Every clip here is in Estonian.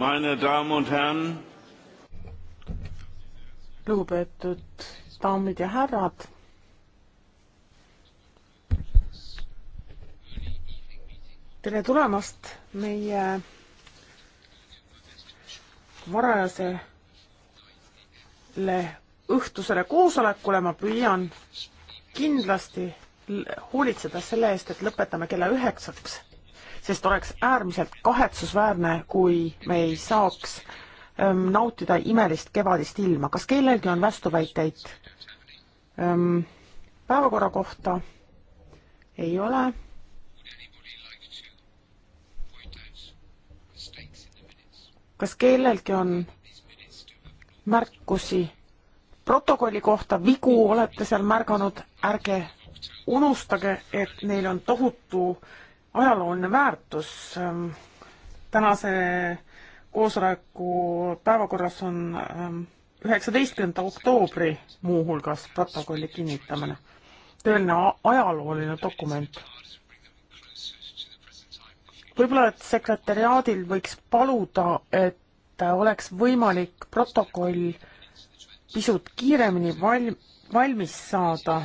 Meine Damen und Herren. lugupeetud daamid ja härrad. tere tulemast meie varajasele õhtusele koosolekule, ma püüan kindlasti hoolitseda selle eest, et lõpetame kella üheksaks sest oleks äärmiselt kahetsusväärne, kui me ei saaks ähm, nautida imelist kevadist ilma. kas kellelgi on vastuväiteid ähm, päevakorra kohta? ei ole. kas kellelgi on märkusi protokolli kohta, vigu olete seal märganud, ärge unustage, et neil on tohutu ajalooline väärtus. Ähm, tänase koosoleku päevakorras on ähm, üheksateistkümnenda oktoobri muuhulgas protokolli kinnitamine. tõeline ajalooline dokument. võib-olla, et sekretäriaadil võiks paluda, et oleks võimalik protokoll pisut kiiremini val-, valmis saada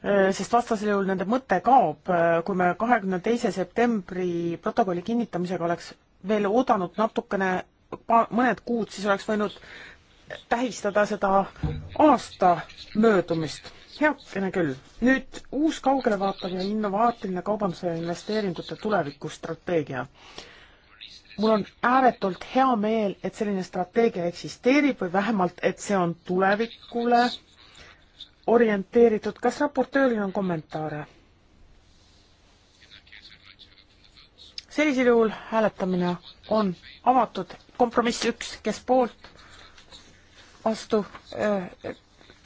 Äh, sest vastasel juhul nende mõte kaob, äh, kui me kahekümne teise septembri protokolli kinnitamisega oleks veel oodanud natukene, mõned kuud, siis oleks võinud tähistada seda aasta möödumist. heakene küll. nüüd uus kaugelevaatav ja innovaatiline kaubanduse ja investeeringute tulevikustrateegia. mul on ääretult hea meel, et selline strateegia eksisteerib või vähemalt, et see on tulevikule orienteeritud. kas raportööril on kommentaare? sellisel juhul hääletamine on avatud. kompromiss üks, kes poolt, vastu, äh,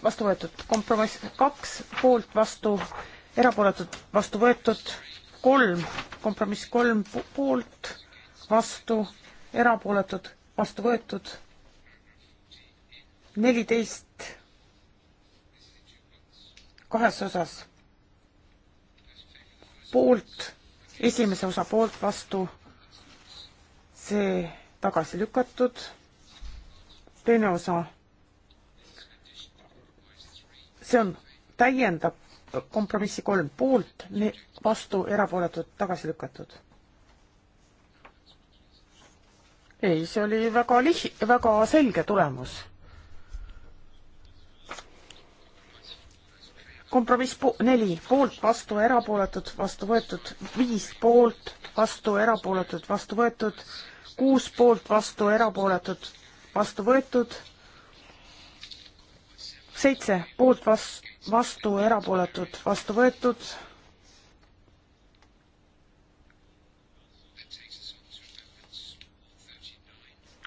vastu võetud. kompromiss kaks, poolt, vastu, erapooletud, vastu võetud. kolm, kompromiss kolm, poolt, vastu, erapooletud, vastu võetud. neliteist kahes osas. poolt, esimese osa poolt, vastu, see tagasi lükatud, teine osa, see on, täiendab kompromissi kolm poolt, vastu, erapooletud, tagasi lükatud ei, see oli väga lih-, väga selge tulemus. kompromiss po neli poolt, vastu, erapooletud, vastu võetud, viis poolt, vastu, erapooletud, vastu võetud, kuus poolt, vastu, erapooletud, vastu võetud, seitse poolt, vastu, erapooletud, vastu võetud,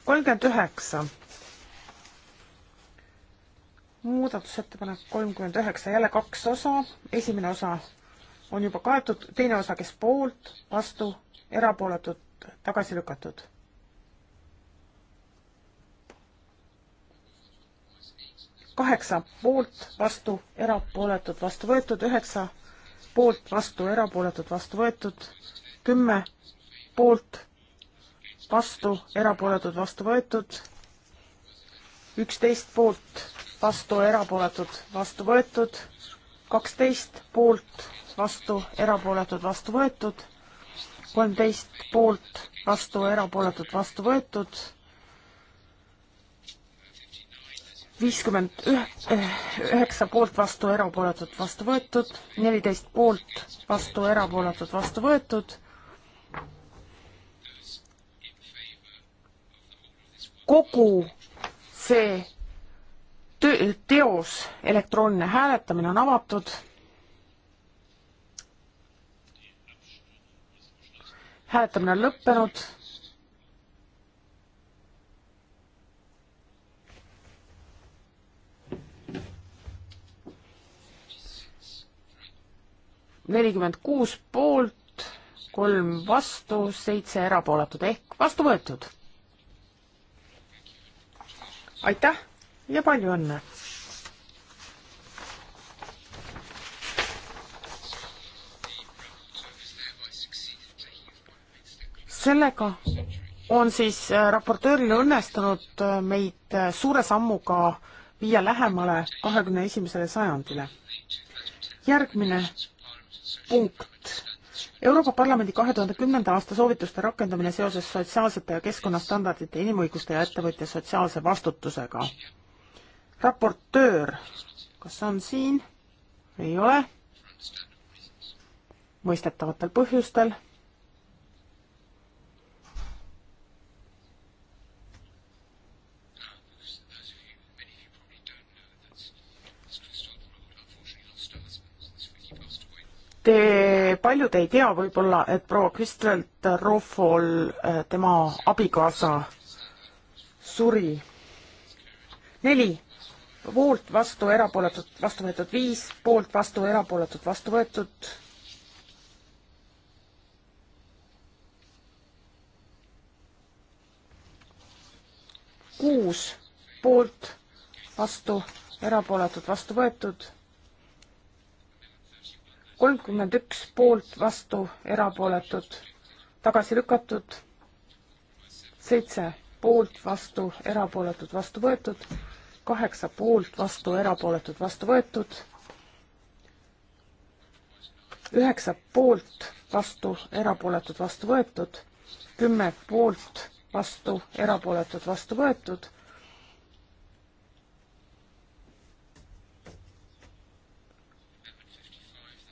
kolmkümmend üheksa muudatusettepanek kolmkümmend üheksa, jälle kaks osa, esimene osa on juba kaetud, teine osa, kes poolt, vastu, erapooletud, tagasi lükatud. kaheksa poolt, vastu, erapooletud, vastu võetud, üheksa poolt, vastu, erapooletud, vastu võetud, kümme poolt, vastu, erapooletud, vastu võetud, üksteist poolt vastu, erapooletud, vastu võetud, kaksteist poolt, vastu, erapooletud, vastu võetud, kolmteist poolt, vastu, erapooletud, vastu võetud, viiskümmend eh, üheksa poolt, vastu, erapooletud, vastu võetud, neliteist poolt, vastu, erapooletud, vastu võetud kogu see teos elektrooniline hääletamine on avatud. hääletamine on lõppenud. nelikümmend kuus poolt, kolm vastu, seitse erapooletut ehk vastu võetud. aitäh ja palju õnne! sellega on siis äh, raportööril õnnestunud äh, meid äh, suure sammuga viia lähemale kahekümne esimesele sajandile. järgmine punkt. Euroopa Parlamendi kahe tuhande kümnenda aasta soovituste rakendamine seoses sotsiaalsete ja keskkonnastandardite, inimõiguste ja ettevõtja sotsiaalse vastutusega raportöör, kas on siin? ei ole. mõistetavatel põhjustel. Te, paljud ei tea võib-olla, et proua Kristelt Rohvol, eh, tema abikaasa suri. neli poolt, vastu, erapooletud, vastu võetud viis, poolt, vastu, erapooletud, vastu võetud. kuus poolt, vastu, erapooletud, vastu võetud. kolmkümmend üks poolt, vastu, erapooletud, tagasi lükatud. seitse poolt, vastu, erapooletud, vastu võetud kaheksa poolt, vastu erapooletud, vastu võetud. üheksa poolt, vastu erapooletud, vastu võetud. kümme poolt, vastu erapooletud, vastu võetud.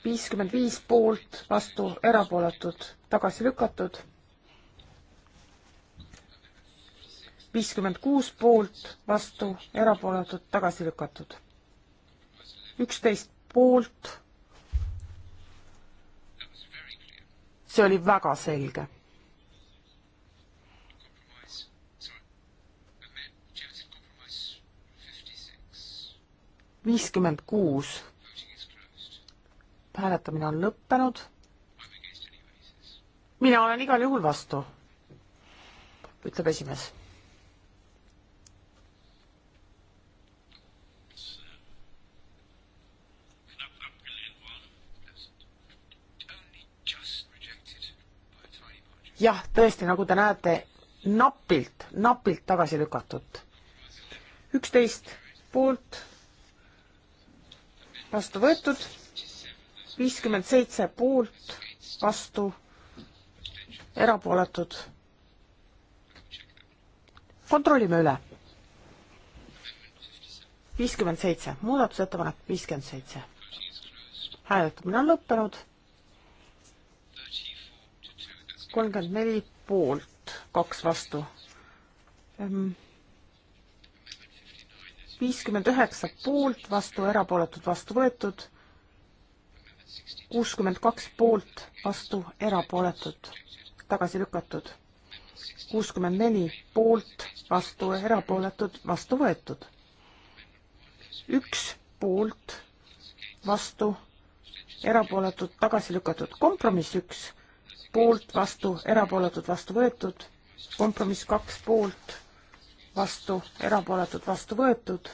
viiskümmend viis poolt, vastu erapooletud, tagasi lükatud viiskümmend kuus poolt, vastu, erapooletud, tagasi lükatud. üksteist poolt. see oli väga selge. viiskümmend kuus. hääletamine on lõppenud. mina olen igal juhul vastu, ütleb esimees jah, tõesti, nagu te näete, napilt, napilt tagasi lükatud. üksteist poolt vastu võetud, viiskümmend seitse poolt vastu erapooletud. kontrollime üle. viiskümmend seitse, muudatusettepanek viiskümmend seitse. hääletamine on lõppenud kolmkümmend neli poolt, kaks vastu. Ehm, viiskümmend üheksa poolt, vastu erapooletud, vastu võetud. kuuskümmend kaks poolt, vastu erapooletud, tagasi lükatud. kuuskümmend neli poolt, vastu erapooletud, vastu võetud. üks poolt, vastu erapooletud, tagasi lükatud. kompromiss üks poolt, vastu, erapooletud, vastu võetud. kompromiss kaks poolt, vastu, erapooletud, vastu võetud.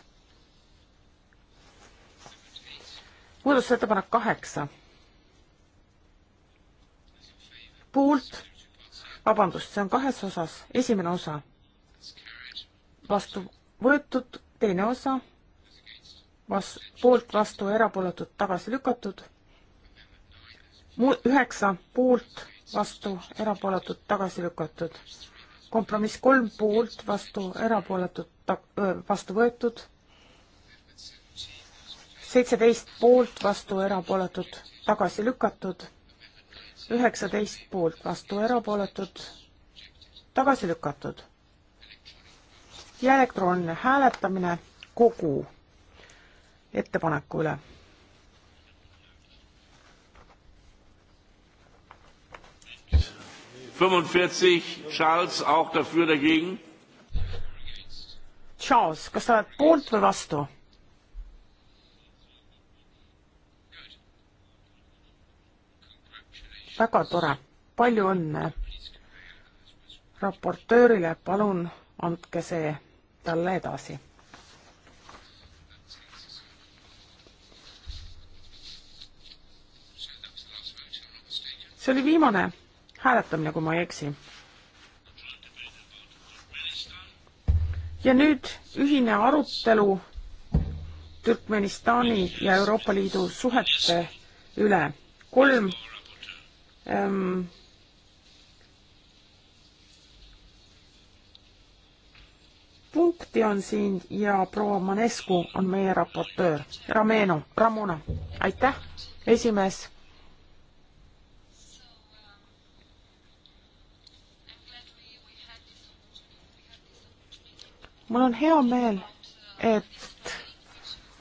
muudatusettepanek kaheksa. poolt, vabandust, see on kahes osas, esimene osa vastu võetud, teine osa vas-, poolt vastu erapooletud tagasi lükatud, mu-, üheksa poolt vastu, erapooletud, tagasi lükatud. kompromiss kolm poolt, vastu, erapooletud, vastu võetud. seitseteist poolt, vastu, erapooletud, tagasi lükatud. üheksateist poolt, vastu, erapooletud, tagasi lükatud. ja elektrooniline hääletamine kogu ettepaneku üle 45, Charles auch dafür, dagegen? Charles, kas sa oled poolt või vastu? väga tore, palju õnne raportöörile, palun andke see talle edasi. see oli viimane hääletamine, kui ma ei eksi. ja nüüd ühine arutelu Türkmenistani ja Euroopa Liidu suhete üle. kolm ähm, punkti on siin ja proua Manescu on meie raportöör. Rameno, Ramona, aitäh, esimees mul on hea meel, et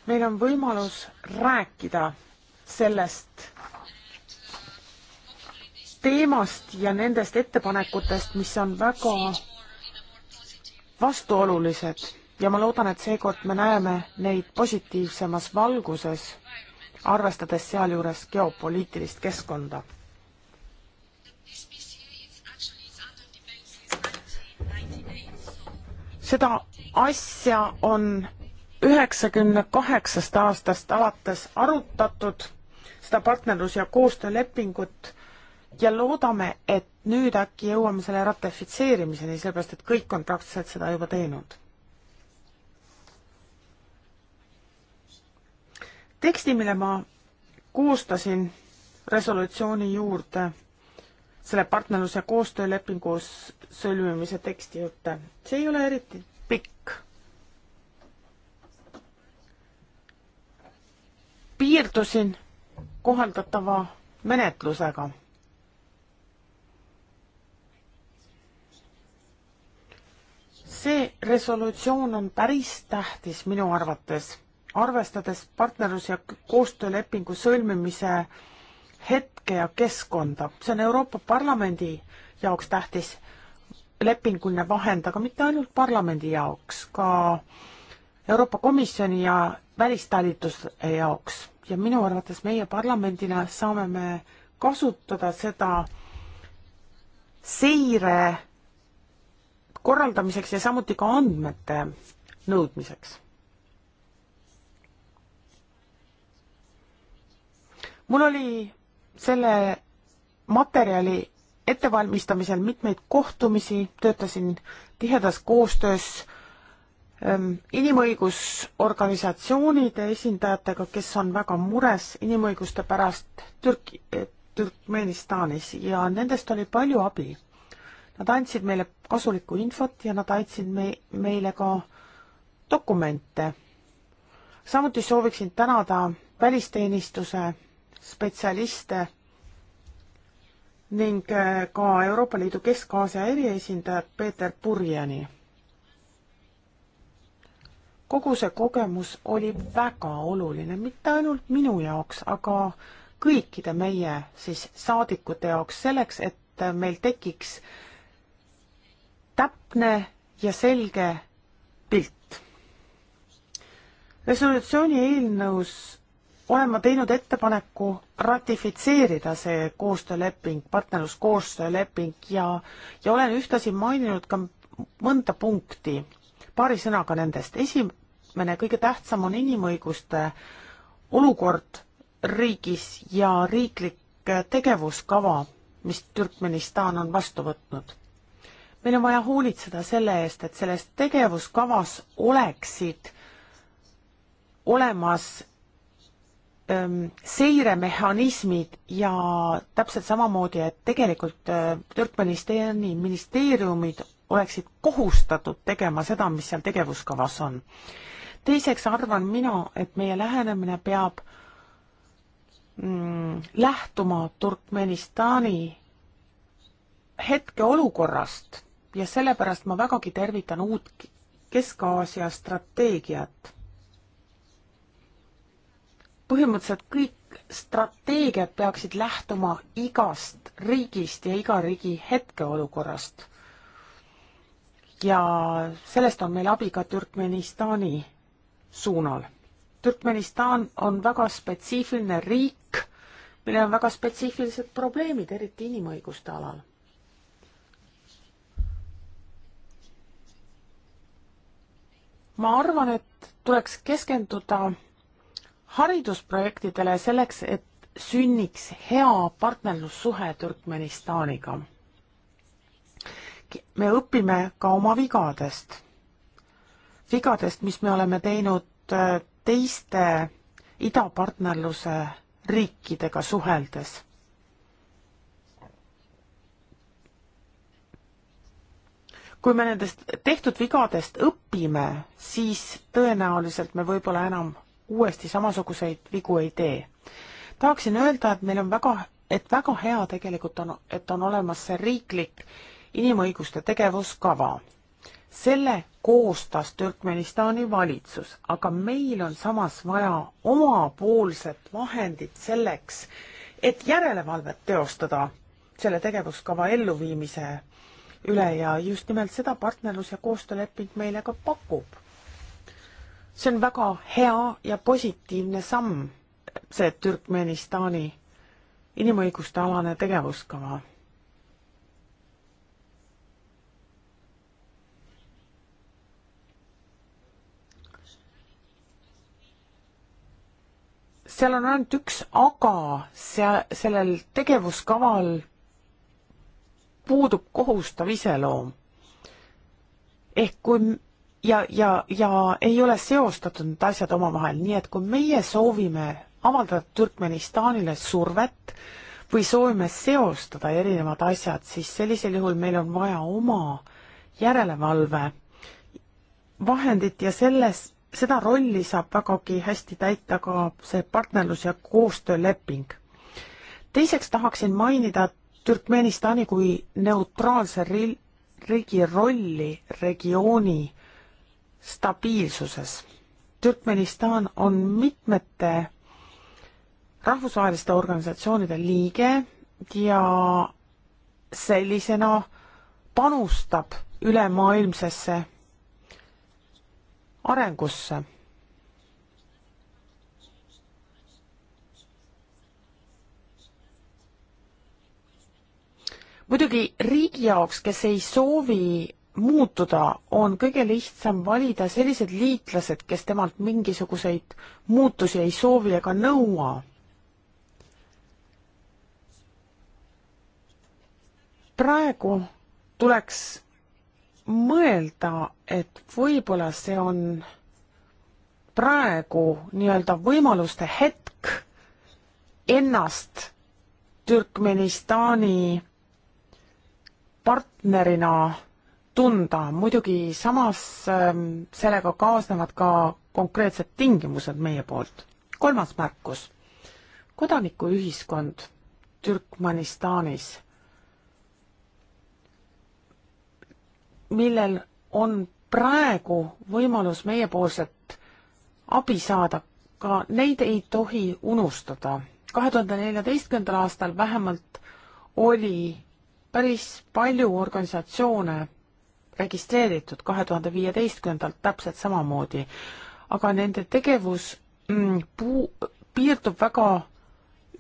meil on võimalus rääkida sellest teemast ja nendest ettepanekutest, mis on väga vastuolulised ja ma loodan, et seekord me näeme neid positiivsemas valguses, arvestades sealjuures geopoliitilist keskkonda. seda asja on üheksakümne kaheksast aastast alates arutatud, seda partnerlus- ja koostöölepingut, ja loodame, et nüüd äkki jõuame selle ratifitseerimiseni, sellepärast et kõik on praktiliselt seda juba teinud. teksti, mille ma koostasin resolutsiooni juurde, selle partnerluse koostöölepingus sõlmimise teksti juurde, see ei ole eriti piirdusin kohaldatava menetlusega. see resolutsioon on päris tähtis minu arvates, arvestades partnerlus- ja koostöölepingu sõlmimise hetke ja keskkonda. see on Euroopa Parlamendi jaoks tähtis lepinguline vahend, aga mitte ainult parlamendi jaoks, ka Euroopa Komisjoni ja välistalituse jaoks ja minu arvates meie parlamendina saame me kasutada seda seire korraldamiseks ja samuti ka andmete nõudmiseks. mul oli selle materjali ettevalmistamisel mitmeid kohtumisi, töötasin tihedas koostöös äh, Ehm, inimõigusorganisatsioonide esindajatega, kes on väga mures inimõiguste pärast Türk-, eh, Türkmenistanis ja nendest oli palju abi. Nad andsid meile kasulikku infot ja nad andsid me-, meile ka dokumente. samuti sooviksin tänada välisteenistuse spetsialiste ning eh, ka Euroopa Liidu Kesk-Aasia eriesindajat Peeter Purjani kogu see kogemus oli väga oluline, mitte ainult minu jaoks, aga kõikide meie siis saadikute jaoks, selleks et meil tekiks täpne ja selge pilt. resolutsiooni eelnõus olen ma teinud ettepaneku ratifitseerida see koostööleping, partnerluskoostööleping ja, ja olen ühtlasi maininud ka mõnda punkti, paari sõnaga nendest. esi-, liikmene, kõige tähtsam on inimõiguste olukord riigis ja riiklik tegevuskava, mis Türkmenistan on vastu võtnud. meil on vaja hoolitseda selle eest, et selles tegevuskavas oleksid olemas ähm, seiremehhanismid ja täpselt samamoodi, et tegelikult äh, Türkmenistani ministeeriumid oleksid kohustatud tegema seda, mis seal tegevuskavas on teiseks arvan mina, et meie lähenemine peab mm, lähtuma Turkmenistani hetkeolukorrast ja sellepärast ma vägagi tervitan uut Kesk-Aasia strateegiat. põhimõtteliselt kõik strateegiad peaksid lähtuma igast riigist ja iga riigi hetkeolukorrast. ja sellest on meil abi ka Türkmenistani suunal. Türkmenistan on väga spetsiifiline riik, millel on väga spetsiifilised probleemid, eriti inimõiguste alal. ma arvan, et tuleks keskenduda haridusprojektidele selleks, et sünniks hea partnerlussuhe Türkmenistaniga. me õpime ka oma vigadest vigadest, mis me oleme teinud äh, teiste idapartnerluse riikidega suheldes kui me nendest tehtud vigadest õpime, siis tõenäoliselt me võib-olla enam uuesti samasuguseid vigu ei tee. tahaksin öelda, et meil on väga, et väga hea tegelikult on, et on olemas see riiklik inimõiguste tegevuskava selle koostas Türkmenistani valitsus, aga meil on samas vaja omapoolset vahendit selleks, et järelevalvet teostada selle tegevuskava elluviimise üle ja just nimelt seda partnerlus- ja koostööleping meile ka pakub. see on väga hea ja positiivne samm, see Türkmenistani inimõiguste alane tegevuskava seal on ainult üks aga, see, sellel tegevuskaval puudub kohustav iseloom. ehk kui ja, ja, ja ei ole seostatud need asjad omavahel, nii et kui meie soovime avaldada Türkmenistanile survet või soovime seostada erinevad asjad, siis sellisel juhul meil on vaja oma järelevalve vahendit ja selles seda rolli saab vägagi hästi täita ka see partnerlus- ja koostööleping. teiseks tahaksin mainida Türkmenistani kui neutraalse ri-, riigi rolli regiooni stabiilsuses. Türkmenistan on mitmete rahvusvaheliste organisatsioonide liige ja sellisena panustab ülemaailmsesse arengusse. muidugi riigi jaoks, kes ei soovi muutuda, on kõige lihtsam valida sellised liitlased, kes temalt mingisuguseid muutusi ei soovi ega nõua praegu tuleks mõelda, et võib-olla see on praegu nii-öelda võimaluste hetk ennast Türkmenistani partnerina tunda, muidugi samas ähm, sellega kaasnevad ka konkreetsed tingimused meie poolt. kolmas märkus, kodanikuühiskond Türkmenistanis millel on praegu võimalus meiepoolset abi saada, ka neid ei tohi unustada. kahe tuhande neljateistkümnendal aastal vähemalt oli päris palju organisatsioone registreeritud, kahe tuhande viieteistkümnendalt täpselt samamoodi, aga nende tegevus mm, puu-, piirdub väga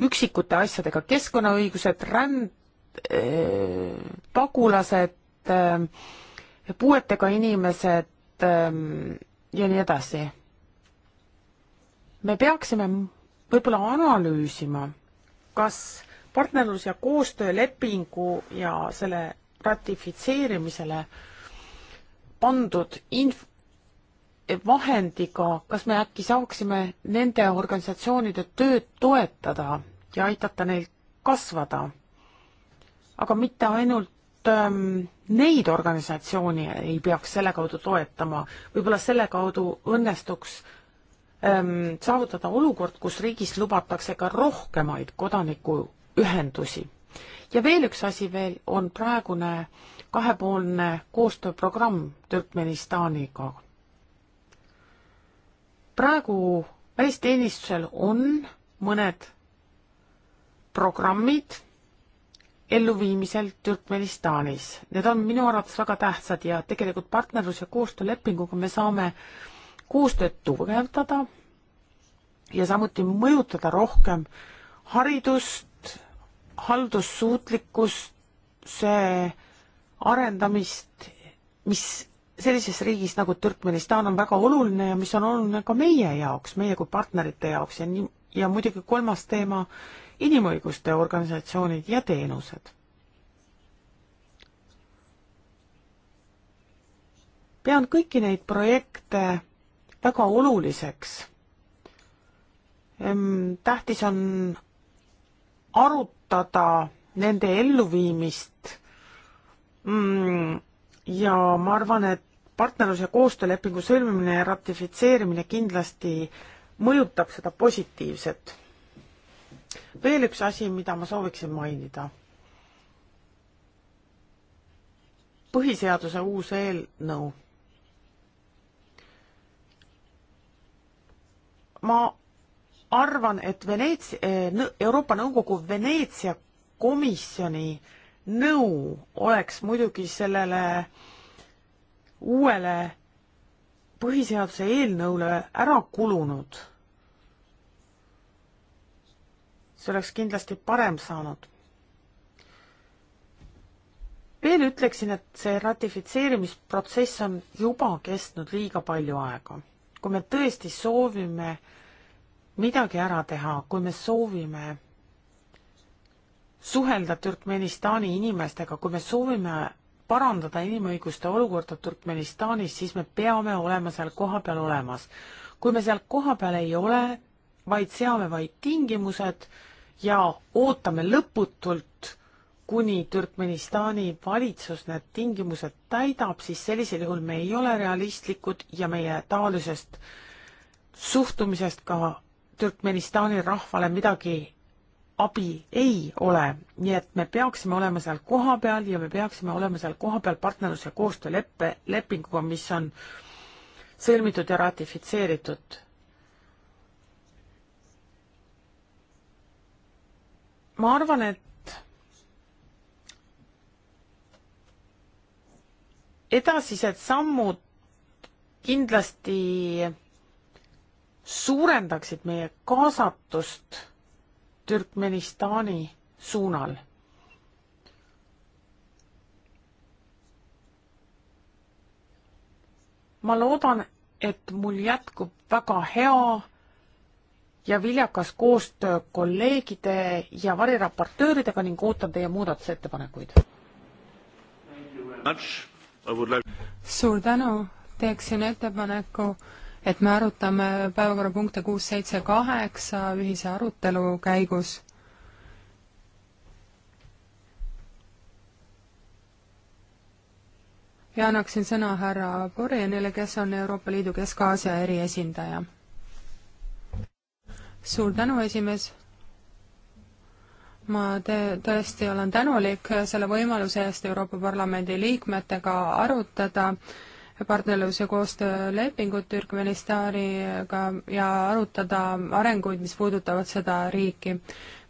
üksikute asjadega, keskkonnaõigused, ränd äh,, pagulased äh,, puuetega inimesed ähm, ja nii edasi. me peaksime võib-olla analüüsima, kas partnerlus- ja koostöölepingu ja selle ratifitseerimisele pandud inf-, vahendiga, kas me äkki saaksime nende organisatsioonide tööd toetada ja aidata neil kasvada, aga mitte ainult ähm, neid organisatsioone ei peaks selle kaudu toetama, võib-olla selle kaudu õnnestuks ähm, saavutada olukord, kus riigis lubatakse ka rohkemaid kodanikuühendusi. ja veel üks asi veel on praegune kahepoolne koostööprogramm Türkmenistaniga. praegu välisteenistusel on mõned programmid elluviimisel Türkmenistanis. Need on minu arvates väga tähtsad ja tegelikult partnerlus- ja koostöölepinguga me saame koostööd tugevdada ja samuti mõjutada rohkem haridust, haldussuutlikkust, see arendamist, mis sellises riigis nagu Türkmenistan on väga oluline ja mis on oluline ka meie jaoks, meie kui partnerite jaoks ja nii, ja muidugi kolmas teema, inimõiguste organisatsioonid ja teenused. pean kõiki neid projekte väga oluliseks. tähtis on arutada nende elluviimist mm, ja ma arvan, et partnerluse koostöölepingu sõlmimine ja ratifitseerimine kindlasti mõjutab seda positiivselt veel üks asi, mida ma sooviksin mainida. põhiseaduse uus eelnõu. ma arvan, et Veneetsia, eh, Euroopa Nõukogu Veneetsia komisjoni nõu oleks muidugi sellele uuele põhiseaduse eelnõule ära kulunud see oleks kindlasti parem saanud. veel ütleksin, et see ratifitseerimisprotsess on juba kestnud liiga palju aega. kui me tõesti soovime midagi ära teha, kui me soovime suhelda Türkmenistani inimestega, kui me soovime parandada inimõiguste olukorda Turkmenistanis, siis me peame olema seal kohapeal olemas. kui me seal kohapeal ei ole, vaid seame vaid tingimused, ja ootame lõputult, kuni Türkmenistani valitsus need tingimused täidab, siis sellisel juhul me ei ole realistlikud ja meie taolisest suhtumisest ka Türkmenistani rahvale midagi abi ei ole, nii et me peaksime olema seal kohapeal ja me peaksime olema seal kohapeal partnerlus- ja koostööleppe, lepinguga, mis on sõlmitud ja ratifitseeritud ma arvan, et edasised sammud kindlasti suurendaksid meie kaasatust Türkmenistani suunal. ma loodan, et mul jätkub väga hea ja viljakas koostöö kolleegide ja variraportööridega ning ootan teie muudatusettepanekuid. Like... suur tänu, teeksin ettepaneku, et me arutame päevakorrapunkte kuus, seitse, kaheksa ühise arutelu käigus. ja annaksin sõna härra Borjanile, kes on Euroopa Liidu Kesk-Aasia eriesindaja suur tänu, esimees. ma te-, tõesti olen tänulik selle võimaluse eest Euroopa Parlamendi liikmetega arutada partnerlus- ja koostöölepingut Türkmenistaniga ja arutada arenguid, mis puudutavad seda riiki.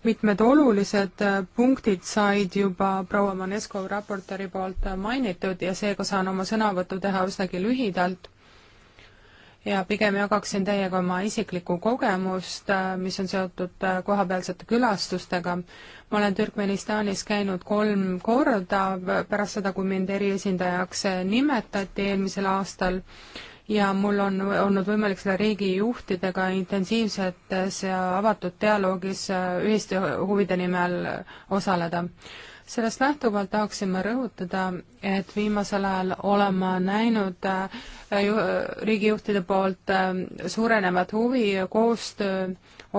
mitmed olulised punktid said juba proua Manesko raportööri poolt mainitud ja seega saan oma sõnavõttu teha üsnagi lühidalt ja pigem jagaksin teiega oma isiklikku kogemust, äh, mis on seotud äh, kohapealsete külastustega. ma olen Türkmenistanis käinud kolm korda pärast seda, kui mind eriesindajaks äh, nimetati eelmisel aastal ja mul on olnud võimalik selle riigi juhtidega intensiivsetes ja avatud dialoogis ühiste huvide nimel osaleda sellest lähtuvalt tahaksime rõhutada, et viimasel ajal olema näinud äh, riigijuhtide poolt äh, suurenevat huvi koostöö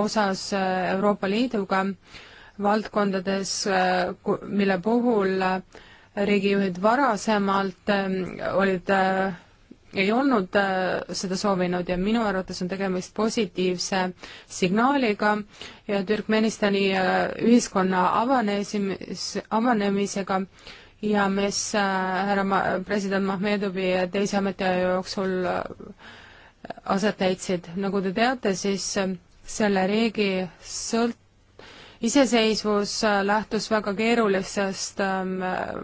osas äh, Euroopa Liiduga valdkondades, mille puhul riigijuhid varasemalt olid ei olnud äh, seda soovinud ja minu arvates on tegemist positiivse signaaliga ja Türkmenistani äh, ühiskonna avanemis, avanemisega ja mis äh, härra president Mahmedovi teise ametiaja jooksul aset leidsid. nagu te teate, siis selle riigi sõlt-, iseseisvus äh, lähtus väga keerulisest ähm,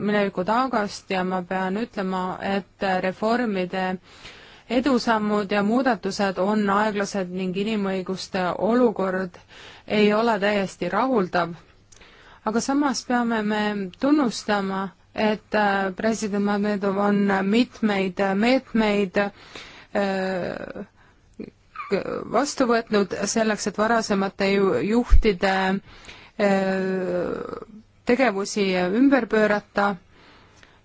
mineviku taagast ja ma pean ütlema, et äh, reformide edusammud ja muudatused on aeglased ning inimõiguste olukord ei ole täiesti rahuldav. aga samas peame me tunnustama, et äh, president Medvedev on mitmeid meetmeid öö, vastu võtnud selleks, et varasemate juhtide äh, tegevusi ümber pöörata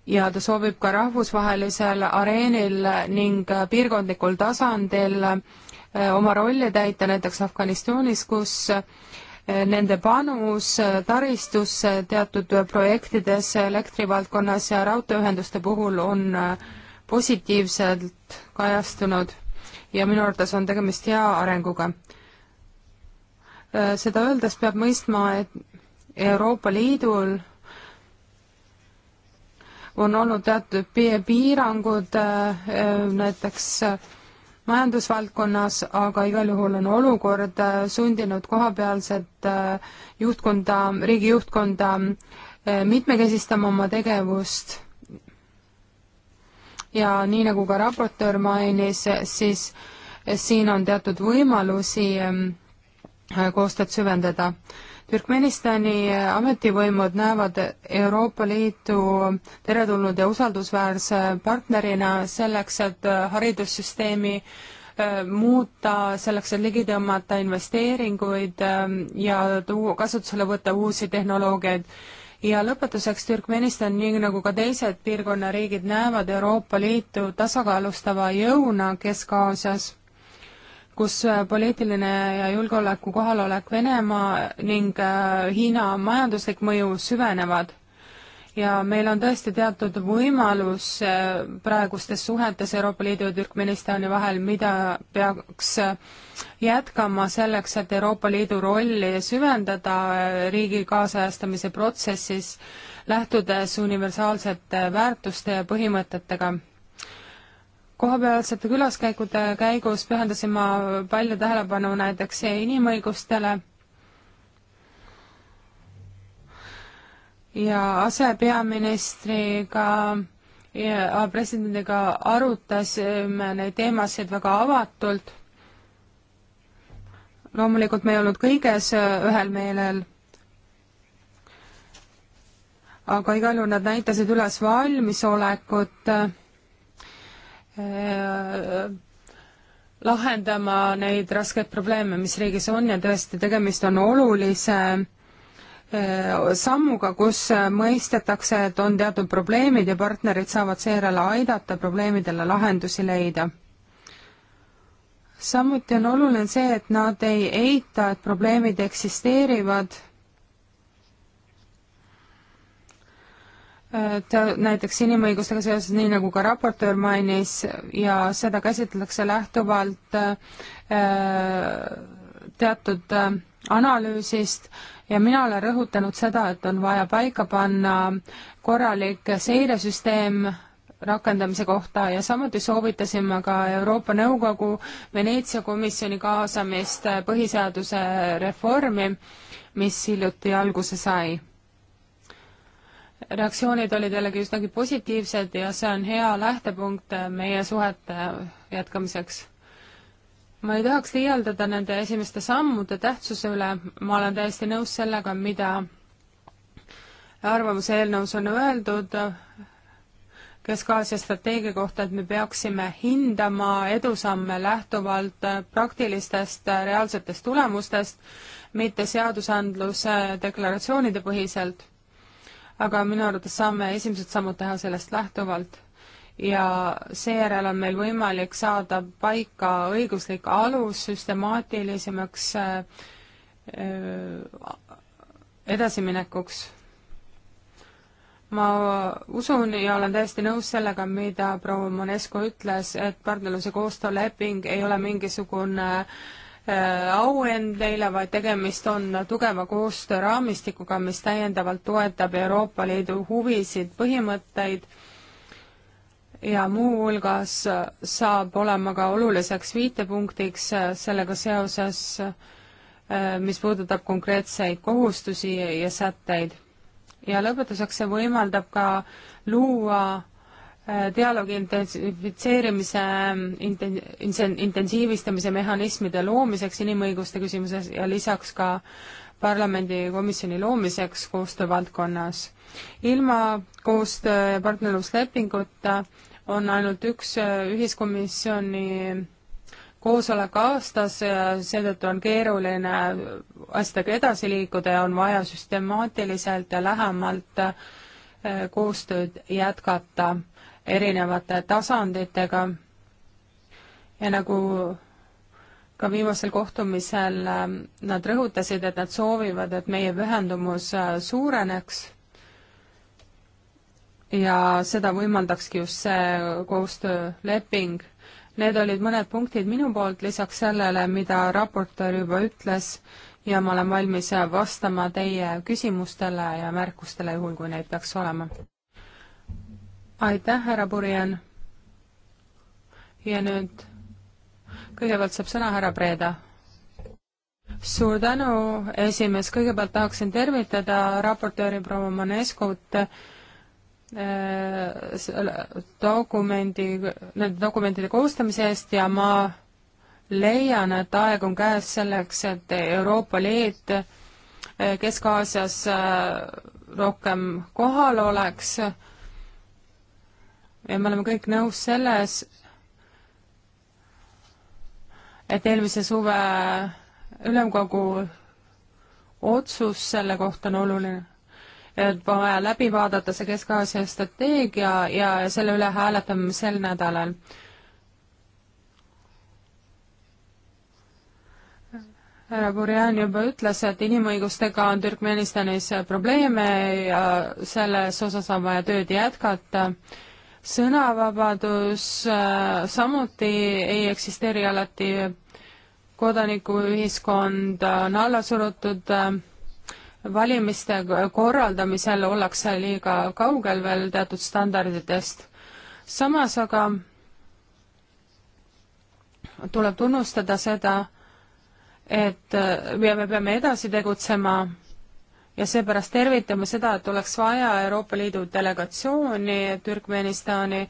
ja ta soovib ka rahvusvahelisel areenil ning piirkondlikul tasandil äh, oma rolli täita, näiteks Afganistanis, kus äh, nende panus taristusse teatud projektides elektrivaldkonnas ja raudteeühenduste puhul on positiivselt kajastunud ja minu arvates on tegemist hea arenguga. Äh, seda öeldes peab mõistma, et Euroopa Liidul on olnud teatud piirangud äh, äh, näiteks majandusvaldkonnas, aga igal juhul on olukord sundinud kohapealset juhtkonda, riigi juhtkonda mitmekesistama oma tegevust ja nii nagu ka raportöör mainis, siis siin on teatud võimalusi ähm, koostööd süvendada. Türkmenistani äh, ametivõimud näevad Euroopa Liitu teretulnud ja usaldusväärse partnerina selleks, et äh, haridussüsteemi äh, muuta selleks, et ligi tõmmata investeeringuid ähm, ja tuua, kasutusele võtta uusi tehnoloogiaid ja lõpetuseks Türkmenistan, nii nagu ka teised piirkonna riigid näevad Euroopa Liitu tasakaalustava jõuna Kesk-Aasias, kus äh, poliitiline ja julgeoleku kohalolek Venemaa ning äh, Hiina majanduslik mõju süvenevad ja meil on tõesti teatud võimalus äh, praegustes suhetes Euroopa Liidu ja Türkmenistani vahel, mida peaks äh, jätkama selleks, et Euroopa Liidu rolli süvendada äh, riigi kaasajastamise protsessis, lähtudes universaalsete väärtuste ja põhimõtetega kohapealsete külaskäikude käigus pühendasin ma palju tähelepanu näiteks inimõigustele ja asepeaministriga ja presidendiga arutasime neid teemasid väga avatult. loomulikult me ei olnud kõiges ühel meelel, aga igal juhul nad näitasid üles valmisolekut äh, lahendama neid raskeid probleeme, mis riigis on ja tõesti, tegemist on olulise Äh, sammuga, kus äh, mõistetakse, et on teatud probleemid ja partnerid saavad seejärel aidata probleemidele lahendusi leida. samuti on oluline see, et nad ei eita, et probleemid eksisteerivad et äh, näiteks inimõigustega seoses, nii nagu ka raportöör mainis, ja seda käsitletakse lähtuvalt teatud analüüsist ja mina olen rõhutanud seda, et on vaja paika panna korralik seiresüsteem rakendamise kohta ja samuti soovitasime ka Euroopa Nõukogu Veneetsia komisjoni kaasamist põhiseaduse reformi, mis hiljuti alguse sai. reaktsioonid olid jällegi üsnagi positiivsed ja see on hea lähtepunkt meie suhete jätkamiseks ma ei tahaks liialdada nende esimeste sammude tähtsuse üle, ma olen täiesti nõus sellega, mida arvamuse eelnõus on öeldud Kesk-Aasia strateegia kohta, et me peaksime hindama edusamme lähtuvalt praktilistest reaalsetest tulemustest, mitte seadusandluse deklaratsioonide põhiselt. aga minu arvates saame esimesed sammud teha sellest lähtuvalt ja seejärel on meil võimalik saada paika õiguslik alus süstemaatilisemaks äh, äh, edasiminekuks. ma usun ja olen täiesti nõus sellega, mida proua Monesco ütles, et partnerluse koostööleping ei ole mingisugune äh, auhind neile, vaid tegemist on tugeva koostööraamistikuga, mis täiendavalt toetab Euroopa Liidu huvisid, põhimõtteid ja muuhulgas saab olema ka oluliseks viitepunktiks sellega seoses, mis puudutab konkreetseid kohustusi ja sätteid. ja lõpetuseks see võimaldab ka luua äh, dialoogi intensifitseerimise, intensiivistamise mehhanismide loomiseks inimõiguste küsimuses ja lisaks ka parlamendikomisjoni loomiseks koostöövaldkonnas. ilma koostöö- ja partnerluslepinguta on ainult üks äh, ühiskomisjoni koosolek aastas ja seetõttu on keeruline asjadega edasi liikuda ja on vaja süstemaatiliselt ja lähemalt äh, koostööd jätkata erinevate tasanditega. ja nagu ka viimasel kohtumisel äh, nad rõhutasid, et nad soovivad, et meie pühendumus suureneks ja seda võimaldakski just see koostööleping. Need olid mõned punktid minu poolt lisaks sellele, mida raportöör juba ütles ja ma olen valmis vastama teie küsimustele ja märkustele, juhul kui neid peaks olema. aitäh, härra Purjen. ja nüüd kõigepealt saab sõna härra Preeda suur tänu, esimees, kõigepealt tahaksin tervitada raportööri proua Maneskut Äh, äh, dokumendi, nende dokumentide koostamise eest ja ma leian, et aeg on käes selleks, et Euroopa Liit äh, Kesk-Aasias rohkem kohal oleks. ja me oleme kõik nõus selles, et eelmise suve ülemkogu otsus selle kohta on oluline vaja läbi vaadata see Kesk-Aasia strateegia ja selle üle hääletame sel nädalal. härra Burjan juba ütles, et inimõigustega on Türkmenistanis probleeme ja selles osas on vaja tööd jätkata sõnavabadus äh, samuti ei eksisteeri alati, kodanikuühiskond on alla surutud äh, valimiste korraldamisel ollakse liiga kaugel veel teatud standarditest. samas aga tuleb tunnustada seda, et ja me peame edasi tegutsema ja seepärast tervitame seda, et oleks vaja Euroopa Liidu delegatsiooni Türkmenistani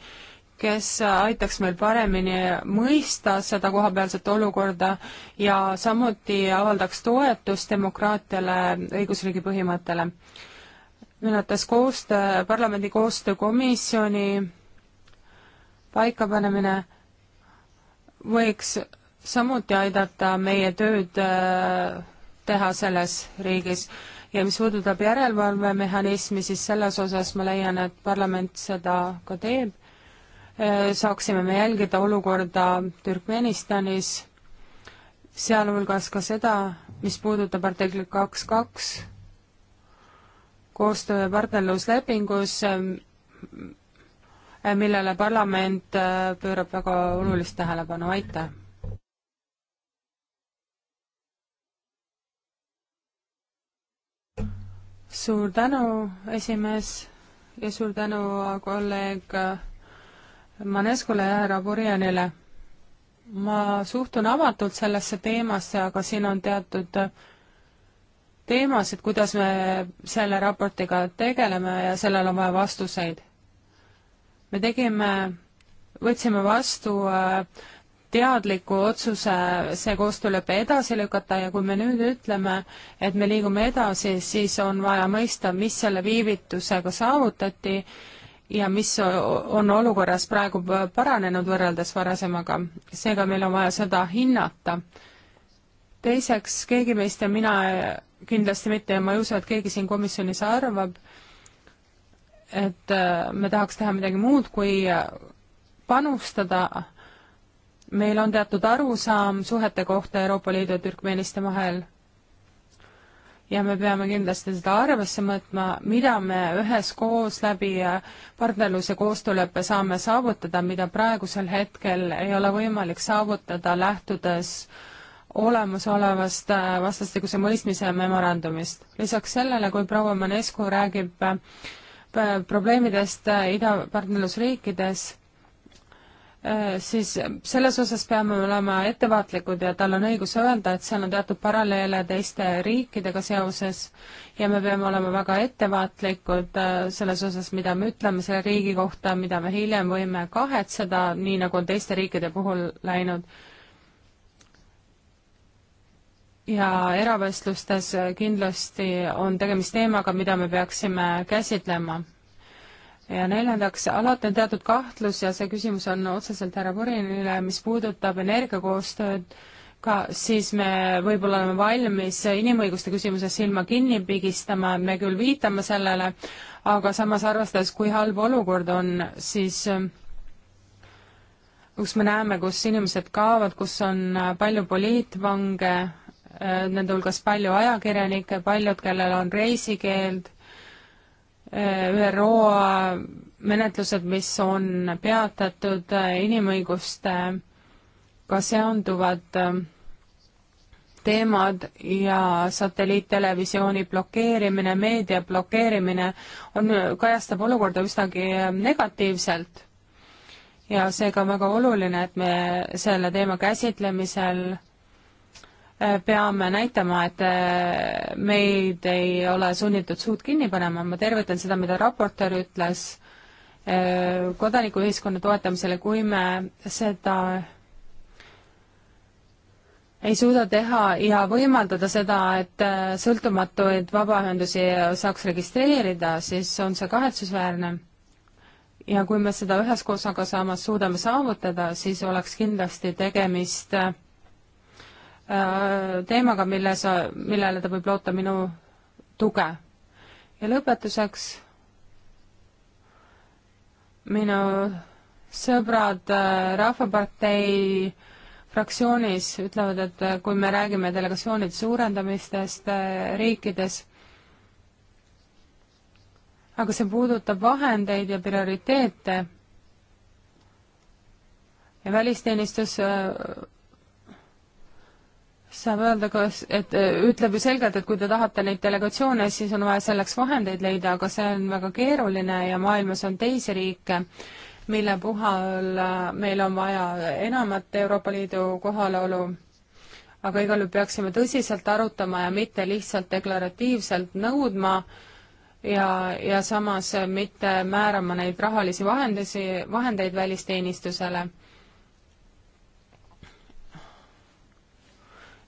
kes aitaks meil paremini mõista seda kohapealset olukorda ja samuti avaldaks toetust demokraatiale, õigusriigi põhimõttele. meenutas koostöö, parlamendi koostöökomisjoni paikapanemine võiks samuti aidata meie tööd äh, teha selles riigis ja mis puudutab järelevalvemehhanismi, siis selles osas ma leian, et parlament seda ka teeb Äh, saaksime me jälgida olukorda Türkmenistanis, sealhulgas ka seda, mis puudutab artiklit kaks kaks koostöö- ja partnerluslepingus, äh, millele parlament äh, pöörab väga olulist tähelepanu, aitäh! suur tänu, esimees, ja suur tänu, kolleeg Maneskule ja härra Burjanile. ma suhtun avatult sellesse teemasse, aga siin on teatud teemasid, kuidas me selle raportiga tegeleme ja sellel on vaja vastuseid. me tegime, võtsime vastu äh, teadliku otsuse see koostöölepe edasi lükata ja kui me nüüd ütleme, et me liigume edasi, siis on vaja mõista, mis selle viivitusega saavutati ja mis on olukorras praegu paranenud võrreldes varasemaga. seega meil on vaja seda hinnata. teiseks, keegi meist ja mina kindlasti mitte ja ma ei usu, et keegi siin komisjonis arvab, et äh, me tahaks teha midagi muud, kui äh, panustada. meil on teatud arusaam suhete kohta Euroopa Liidu ja Türkmeniste vahel ja me peame kindlasti seda arvesse mõtma, mida me üheskoos läbi äh, partnerluse koostööleppe saame saavutada, mida praegusel hetkel ei ole võimalik saavutada, lähtudes olemasolevast äh, vastastikuse mõistmise memorandumist. lisaks sellele, kui proua Manescu räägib äh, probleemidest idapartnerlusriikides, Äh, siis selles osas peame olema ettevaatlikud ja tal on õigus öelda, et seal on teatud paralleele teiste riikidega seoses ja me peame olema väga ettevaatlikud äh, selles osas, mida me ütleme selle riigi kohta, mida me hiljem võime kahetseda, nii nagu on teiste riikide puhul läinud. ja eravestlustes kindlasti on tegemist teemaga, mida me peaksime käsitlema ja neljandaks, alati on teatud kahtlus ja see küsimus on otseselt härra Purinile, mis puudutab energiakoostööd, ka siis me võib-olla oleme valmis inimõiguste küsimuses silma kinni pigistama, me küll viitame sellele, aga samas arvestades, kui halb olukord on, siis kus me näeme, kus inimesed kaovad, kus on palju poliitvange, nende hulgas palju ajakirjanikke, paljud, kellel on reisikeeld, Äh, ÜRO menetlused, mis on peatatud äh, inimõigustega seonduvad äh, teemad ja satelliittelevisiooni blokeerimine, meedia blokeerimine on, kajastab olukorda üsnagi negatiivselt. ja seega on väga oluline, et me selle teema käsitlemisel peame näitama, et äh, meid ei ole sunnitud suud kinni panema, ma tervitan seda, mida raportöör ütles äh, kodanikuühiskonna toetamisele, kui me seda ei suuda teha ja võimaldada seda, et äh, sõltumatuid vabaühendusi saaks registreerida, siis on see kahetsusväärne. ja kui me seda üheskoos aga samas suudame saavutada, siis oleks kindlasti tegemist äh, Äh, teemaga, milles, millele ta võib loota minu tuge. ja lõpetuseks minu sõbrad äh, Rahvapartei fraktsioonis ütlevad, et äh, kui me räägime delegatsioonide suurendamistest riikides, aga see puudutab vahendeid ja prioriteete ja välisteenistus saab öelda, kas, et äh, ütleb ju selgelt, et kui te tahate neid delegatsioone, siis on vaja selleks vahendeid leida, aga see on väga keeruline ja maailmas on teisi riike, mille puhul äh, meil on vaja enamat Euroopa Liidu kohalolu. aga igal juhul peaksime tõsiselt arutama ja mitte lihtsalt deklaratiivselt nõudma ja, ja samas mitte määrama neid rahalisi vahendusi, vahendeid välisteenistusele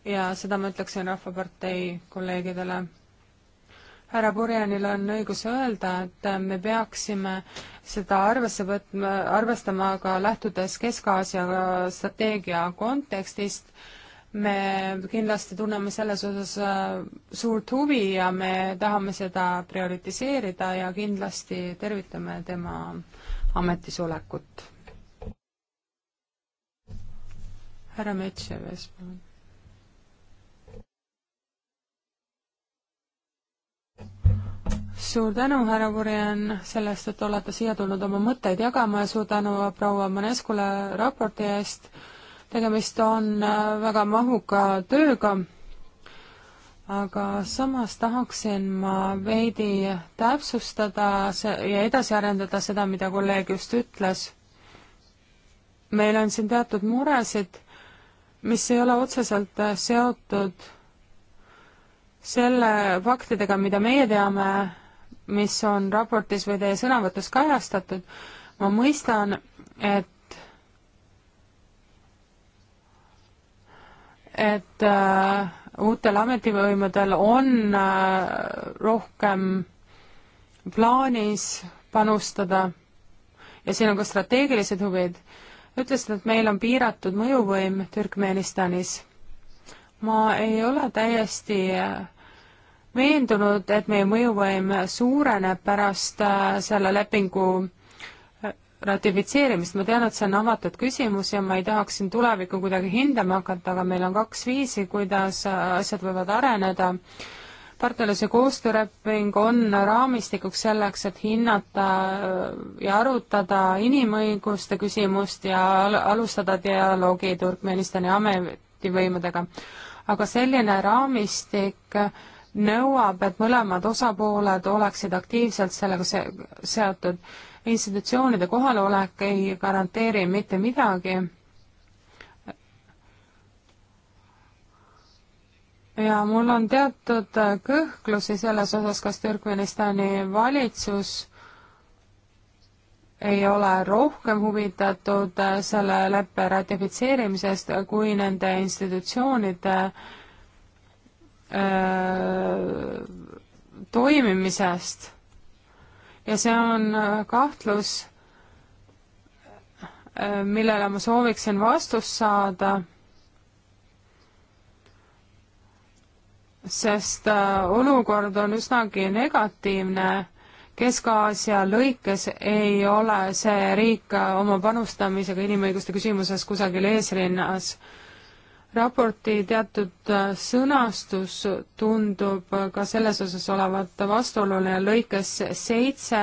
ja seda ma ütleksin Rahvapartei kolleegidele. härra Purjanil on õigus öelda, et me peaksime seda arvesse võtma, arvestama ka lähtudes Kesk-Aasia strateegia kontekstist, me kindlasti tunneme selles osas äh, suurt huvi ja me tahame seda prioritiseerida ja kindlasti tervitame tema ametis olekut. härra Metševes, palun. suur tänu, härra Kurjan, sellest, et olete siia tulnud oma mõtteid jagama ja suur tänu proua Maneskule raporti eest. tegemist on äh, väga mahuka tööga, aga samas tahaksin ma veidi täpsustada ja edasi arendada seda, mida kolleeg just ütles. meil on siin teatud muresid, mis ei ole otseselt seotud selle faktidega, mida meie teame, mis on raportis või teie sõnavõtus kajastatud, ma mõistan, et et äh, uutel ametivõimudel on äh, rohkem plaanis panustada ja siin on ka strateegilised huvid, ütlesid, et meil on piiratud mõjuvõim Türkmenistanis. ma ei ole täiesti äh, veendunud, et meie mõjuvõim suureneb pärast äh, selle lepingu äh, ratifitseerimist, ma tean, et see on avatud küsimus ja ma ei tahaks siin tulevikku kuidagi hindama hakata, aga meil on kaks viisi, kuidas äh, asjad võivad areneda. partnerluse koostööleping on raamistikuks selleks, et hinnata ja arutada inimõiguste küsimust ja alustada dialoogi Turkmenistani ametivõimudega. aga selline raamistik äh, nõuab, et mõlemad osapooled oleksid aktiivselt sellega se seotud. institutsioonide kohalolek ei garanteeri mitte midagi. ja mul on teatud kõhklusi selles osas, kas Türkmenistani valitsus ei ole rohkem huvitatud selle leppe ratifitseerimisest kui nende institutsioonide äh, Äh, toimimisest ja see on äh, kahtlus, äh, millele ma sooviksin vastust saada, sest olukord on üsnagi negatiivne. Kesk-Aasia lõikes ei ole see riik oma panustamisega inimõiguste küsimuses kusagil eesrinnas äh, raporti teatud äh, sõnastus tundub äh, ka selles osas olevat vastuoluline, lõikes seitse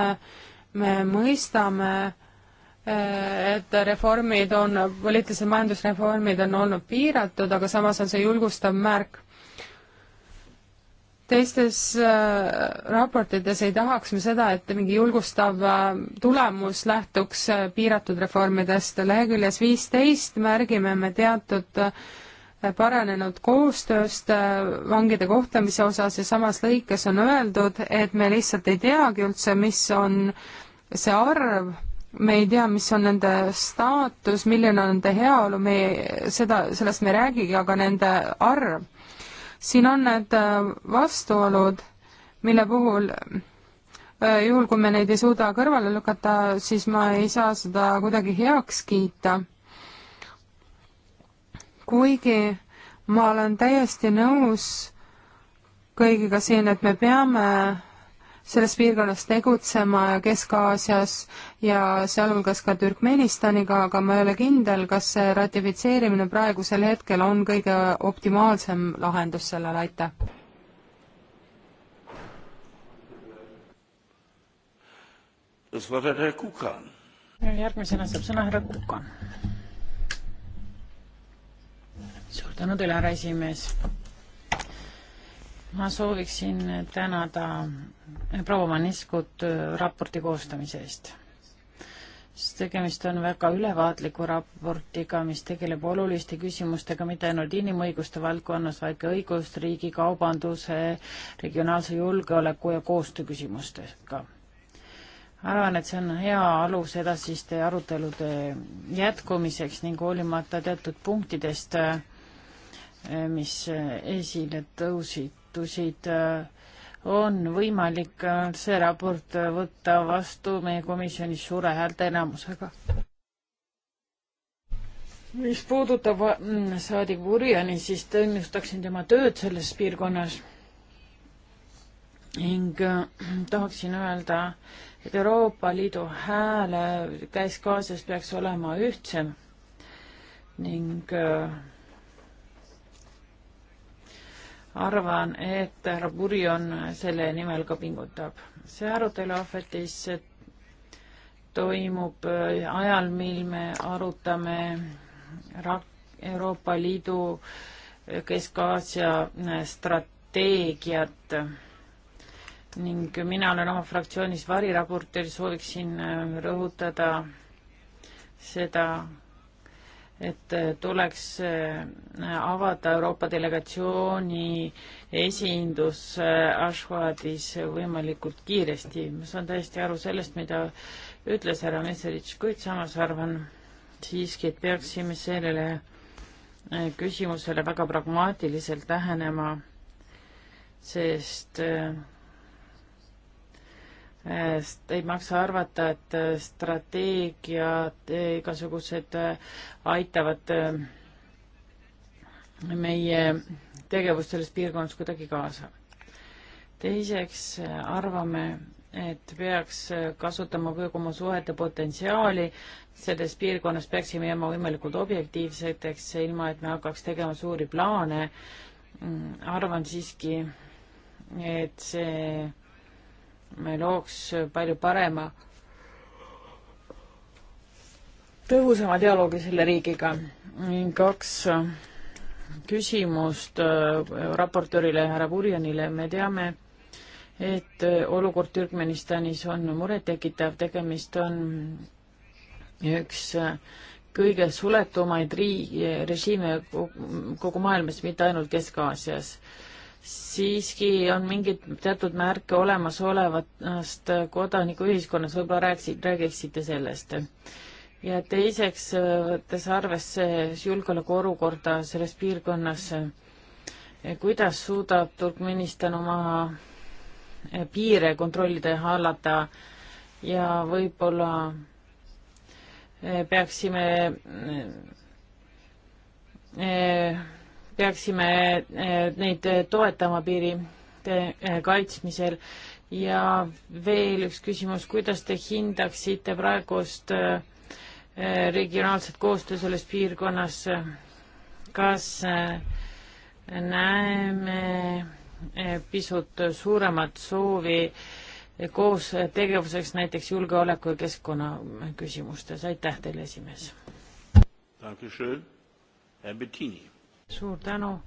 me mõistame, äh, et reformid on, poliitilised majandusreformid on olnud piiratud, aga samas on see julgustav märk. teistes raportites ei tahaks me seda, et mingi julgustav tulemus lähtuks piiratud reformidest, leheküljes viisteist märgime me teatud äh, paranenud koostööst äh, vangide kohtamise osas ja samas lõikes on öeldud, et me lihtsalt ei teagi üldse, mis on see arv, me ei tea, mis on nende staatus, milline on nende heaolu, me ei, seda, sellest me ei räägigi, aga nende arv. siin on need äh, vastuolud, mille puhul äh, juhul, kui me neid ei suuda kõrvale lükata, siis ma ei saa seda kuidagi heaks kiita kuigi ma olen täiesti nõus kõigiga siin, et me peame selles piirkonnas tegutsema Kesk-Aasias ja sealhulgas ka Türkmenistaniga, aga ma ei ole kindel, kas see ratifitseerimine praegusel hetkel on kõige optimaalsem lahendus sellele, aitäh. järgmisena saab sõna härra Kukan suur tänu teile, härra esimees. ma sooviksin tänada proua Maniskut raporti koostamise eest. sest tegemist on väga ülevaatliku raportiga, mis tegeleb oluliste küsimustega mitte ainult inimõiguste valdkonnas, vaid ka õigusriigi, kaubanduse, regionaalse julgeoleku ja koostöö küsimustega arvan, et see on hea alus edasiste arutelude jätkumiseks ning hoolimata teatud punktidest äh, mis esile tõusid, tõusid, on võimalik see raport võtta vastu meie komisjonis suure häälteenamusega. mis puudutab mm, saadik Burjani, siis tunnustaksin tema tööd selles piirkonnas ning äh, tahaksin öelda, et Euroopa Liidu hääl Kesk-Aasias peaks olema ühtsem ning äh, arvan, et härra Burjon selle nimel ka pingutab. see arutelu ahvetis toimub äh, ajal, mil me arutame Euroopa Liidu äh, Kesk-Aasia äh, strateegiat ning mina olen oma fraktsioonis variraportöör, sooviksin rõhutada seda, et äh, tuleks äh, avada Euroopa delegatsiooni esindus äh, Ashwadis võimalikult kiiresti. ma saan täiesti aru sellest, mida ütles härra Messerich, kuid samas arvan siiski, et peaksime sellele küsimusele väga pragmaatiliselt lähenema, sest sest ei maksa arvata, et äh, strateegiad äh, igasugused äh, aitavad meie tegevust selles piirkonnas kuidagi kaasa. teiseks arvame, et peaks kasutama kõik oma suhete potentsiaali, selles piirkonnas peaksime jääma võimalikult objektiivseteks, ilma et me hakkaks tegema suuri plaane. Mm, arvan siiski, et see me looks palju parema, tõhusama dialoogi selle riigiga. kaks äh, küsimust äh, raportöörile härra Burjanile, me teame, et äh, olukord Türkmenistanis on murettekitav, tegemist on üks kõige suletumaid riigi, režiime kogu maailmas, mitte ainult Kesk-Aasias siiski on mingid teatud märke olemasolevast kodanikuühiskonnas, võib-olla rääkisid, räägiksite sellest. ja teiseks, võttes arvesse julgeolekuolukorda selles piirkonnas, kuidas suudab Turkmenistan oma piire kontrollida ja hallata ja võib-olla peaksime peaksime eh, neid toetama piiri eh, kaitsmisel ja veel üks küsimus, kuidas te hindaksite praegust eh, regionaalset koostöö selles piirkonnas, kas näeme pisut suuremat soovi koos tegevuseks näiteks julgeoleku ja keskkonna küsimustes. aitäh teile, esimees suur tänu,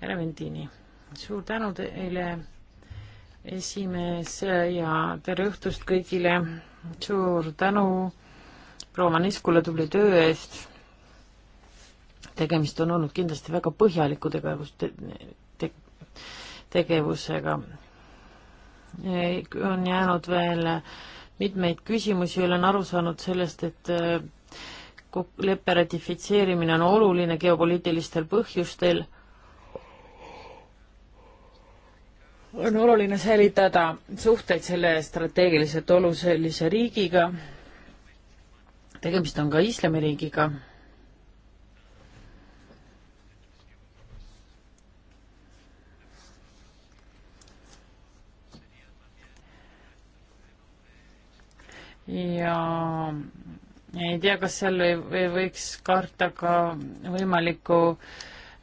härra Vendini. suur tänu teile, esimees ja tere õhtust kõigile. suur tänu proua Maniskule tubli töö eest. tegemist on olnud kindlasti väga põhjaliku tegevus te,, te, tegevusega. on jäänud veel mitmeid küsimusi, olen aru saanud sellest, et leppe ratifitseerimine on oluline geopoliitilistel põhjustel. on oluline säilitada suhteid selle strateegiliselt olulise riigiga. tegemist on ka islamiriigiga. ja ei tea, kas seal ei, ei võiks karta ka võimalikku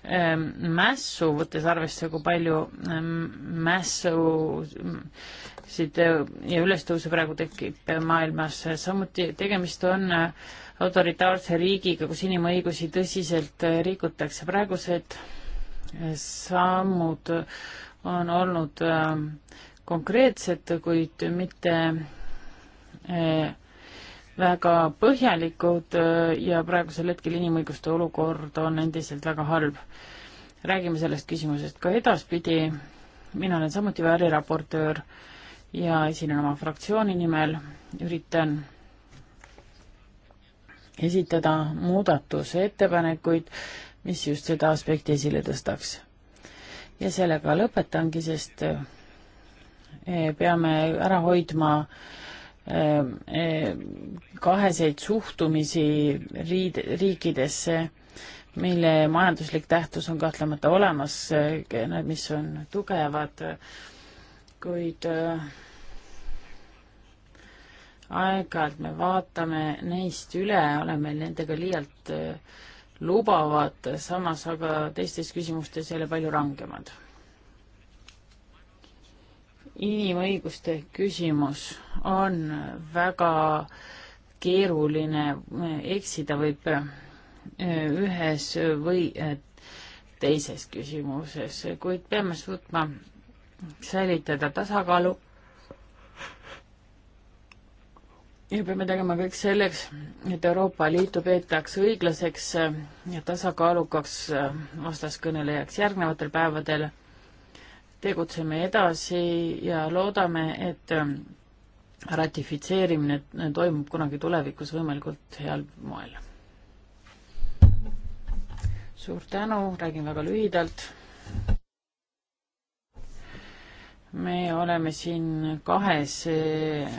ähm, mässu, võttes arvesse, kui palju ähm, mässusid äh, ja ülestõuse praegu tekib maailmas. samuti tegemist on äh, autoritaarse riigiga, kus inimõigusi tõsiselt äh, rikutakse. praegused sammud on olnud ähm, konkreetsed, kuid mitte äh, väga põhjalikud äh, ja praegusel hetkel inimõiguste olukord on endiselt väga halb. räägime sellest küsimusest ka edaspidi. mina olen samuti vääriraportöör ja esinen oma fraktsiooni nimel, üritan esitada muudatusettepanekuid, mis just seda aspekti esile tõstaks. ja sellega lõpetangi, sest äh, peame ära hoidma äh, kaheseid suhtumisi riid, riikidesse, mille majanduslik tähtsus on kahtlemata olemas, need, mis on tugevad, kuid äh, aeg-ajalt me vaatame neist üle, oleme nendega liialt äh, lubavad, samas aga teistes küsimustes jälle palju rangemad inimõiguste küsimus on väga keeruline, eksida võib äh, ühes või äh, teises küsimuses, kuid peame suutma säilitada tasakaalu. ja peame tegema kõik selleks, et Euroopa Liitu peetakse õiglaseks ja tasakaalukaks äh, vastaskõnelejaks järgnevatel päevadel tegutseme edasi ja loodame, et ähm, ratifitseerimine äh, toimub kunagi tulevikus võimalikult heal moel. suur tänu, räägin väga lühidalt. me oleme siin kahes äh,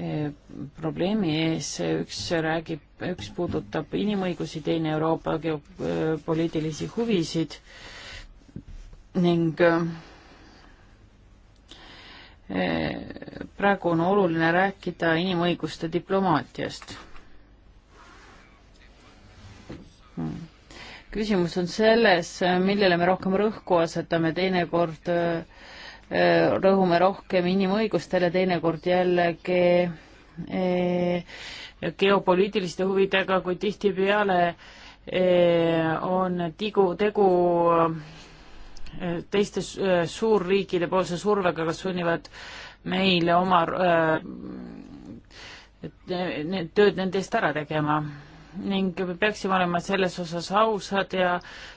äh, probleemi ees, üks räägib, üks puudutab inimõigusi, teine Euroopa geopoliitilisi huvisid ning äh, praegu on oluline rääkida inimõiguste diplomaatiast. küsimus on selles, millele me rohkem rõhku asetame, teinekord äh, rõhume rohkem inimõigustele, teinekord jällegi äh, geopoliitiliste huvidega, kui tihtipeale on tigu, tegu teiste äh, suurriikide poolse survega, kas sunnivad meile oma äh, need tööd nende eest ära tegema ning me peaksime olema selles osas ausad ja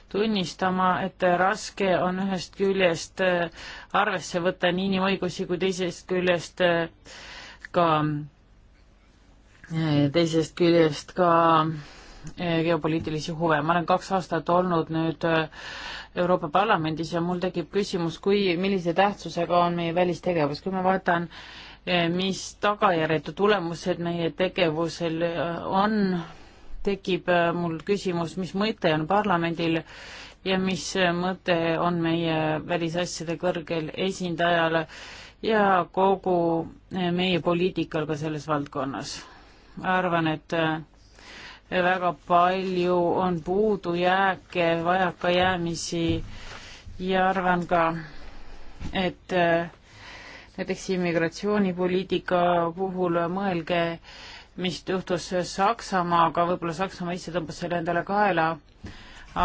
tunnistama, et raske on ühest küljest äh, arvesse võtta nii inimõigusi kui teisest küljest ka, teisest küljest ka Eh, geopoliitilisi huve. ma olen kaks aastat olnud nüüd eh, Euroopa Parlamendis ja mul tekib küsimus, kui, millise tähtsusega on meie välistegevus, kui ma vaatan, eh, mis tagajärjed ja tulemused meie tegevusel on, tekib mul küsimus, mis mõte on parlamendil ja mis mõte on meie välisasjade kõrgel esindajal ja kogu meie poliitikal ka selles valdkonnas. arvan, et väga palju on puudujääke, vajakajäämisi ja arvan ka, et äh, näiteks immigratsioonipoliitika puhul mõelge, mis juhtus Saksamaaga, võib-olla Saksamaa ise tõmbas selle endale kaela,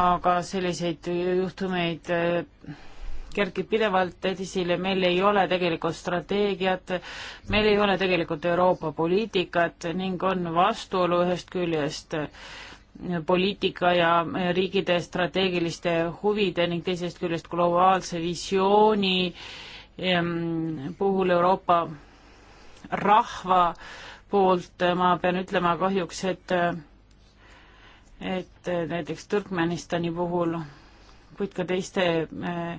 aga selliseid juhtumeid äh, kerkib pidevalt esile, meil ei ole tegelikult strateegiat, meil ei ole tegelikult Euroopa poliitikat ning on vastuolu ühest küljest poliitika ja riikide strateegiliste huvide ning teisest küljest globaalse visiooni ehm, puhul Euroopa rahva poolt ma pean ütlema kahjuks, et et näiteks Türkmenistani puhul, kuid ka teiste äh,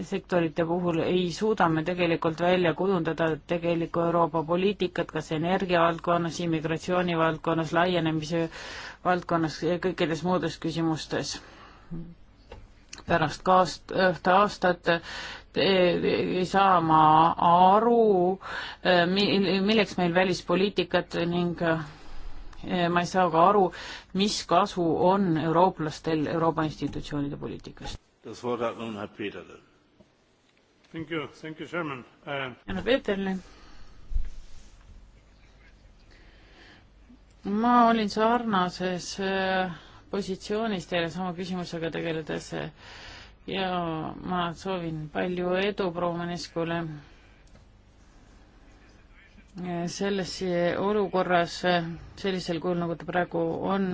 sektorite puhul ei suuda me tegelikult välja kujundada tegelikku Euroopa poliitikat, kas energiavaldkonnas, immigratsioonivaldkonnas, laienemise valdkonnas, kõikides muudes küsimustes. pärast kaast-, ühte aastat ei saa ma aru, milleks meil välispoliitikat ning eh, ma ei saa ka aru, mis kasu on eurooplastel Euroopa institutsioonide poliitikast. Das Wort hat nun Herr Peterle härra uh, Peeterle. ma olin sarnases äh, positsioonis teile sama küsimusega tegeledes äh, ja ma soovin palju edu proua Maneskule äh, selles olukorras, sellisel kujul, nagu ta praegu on,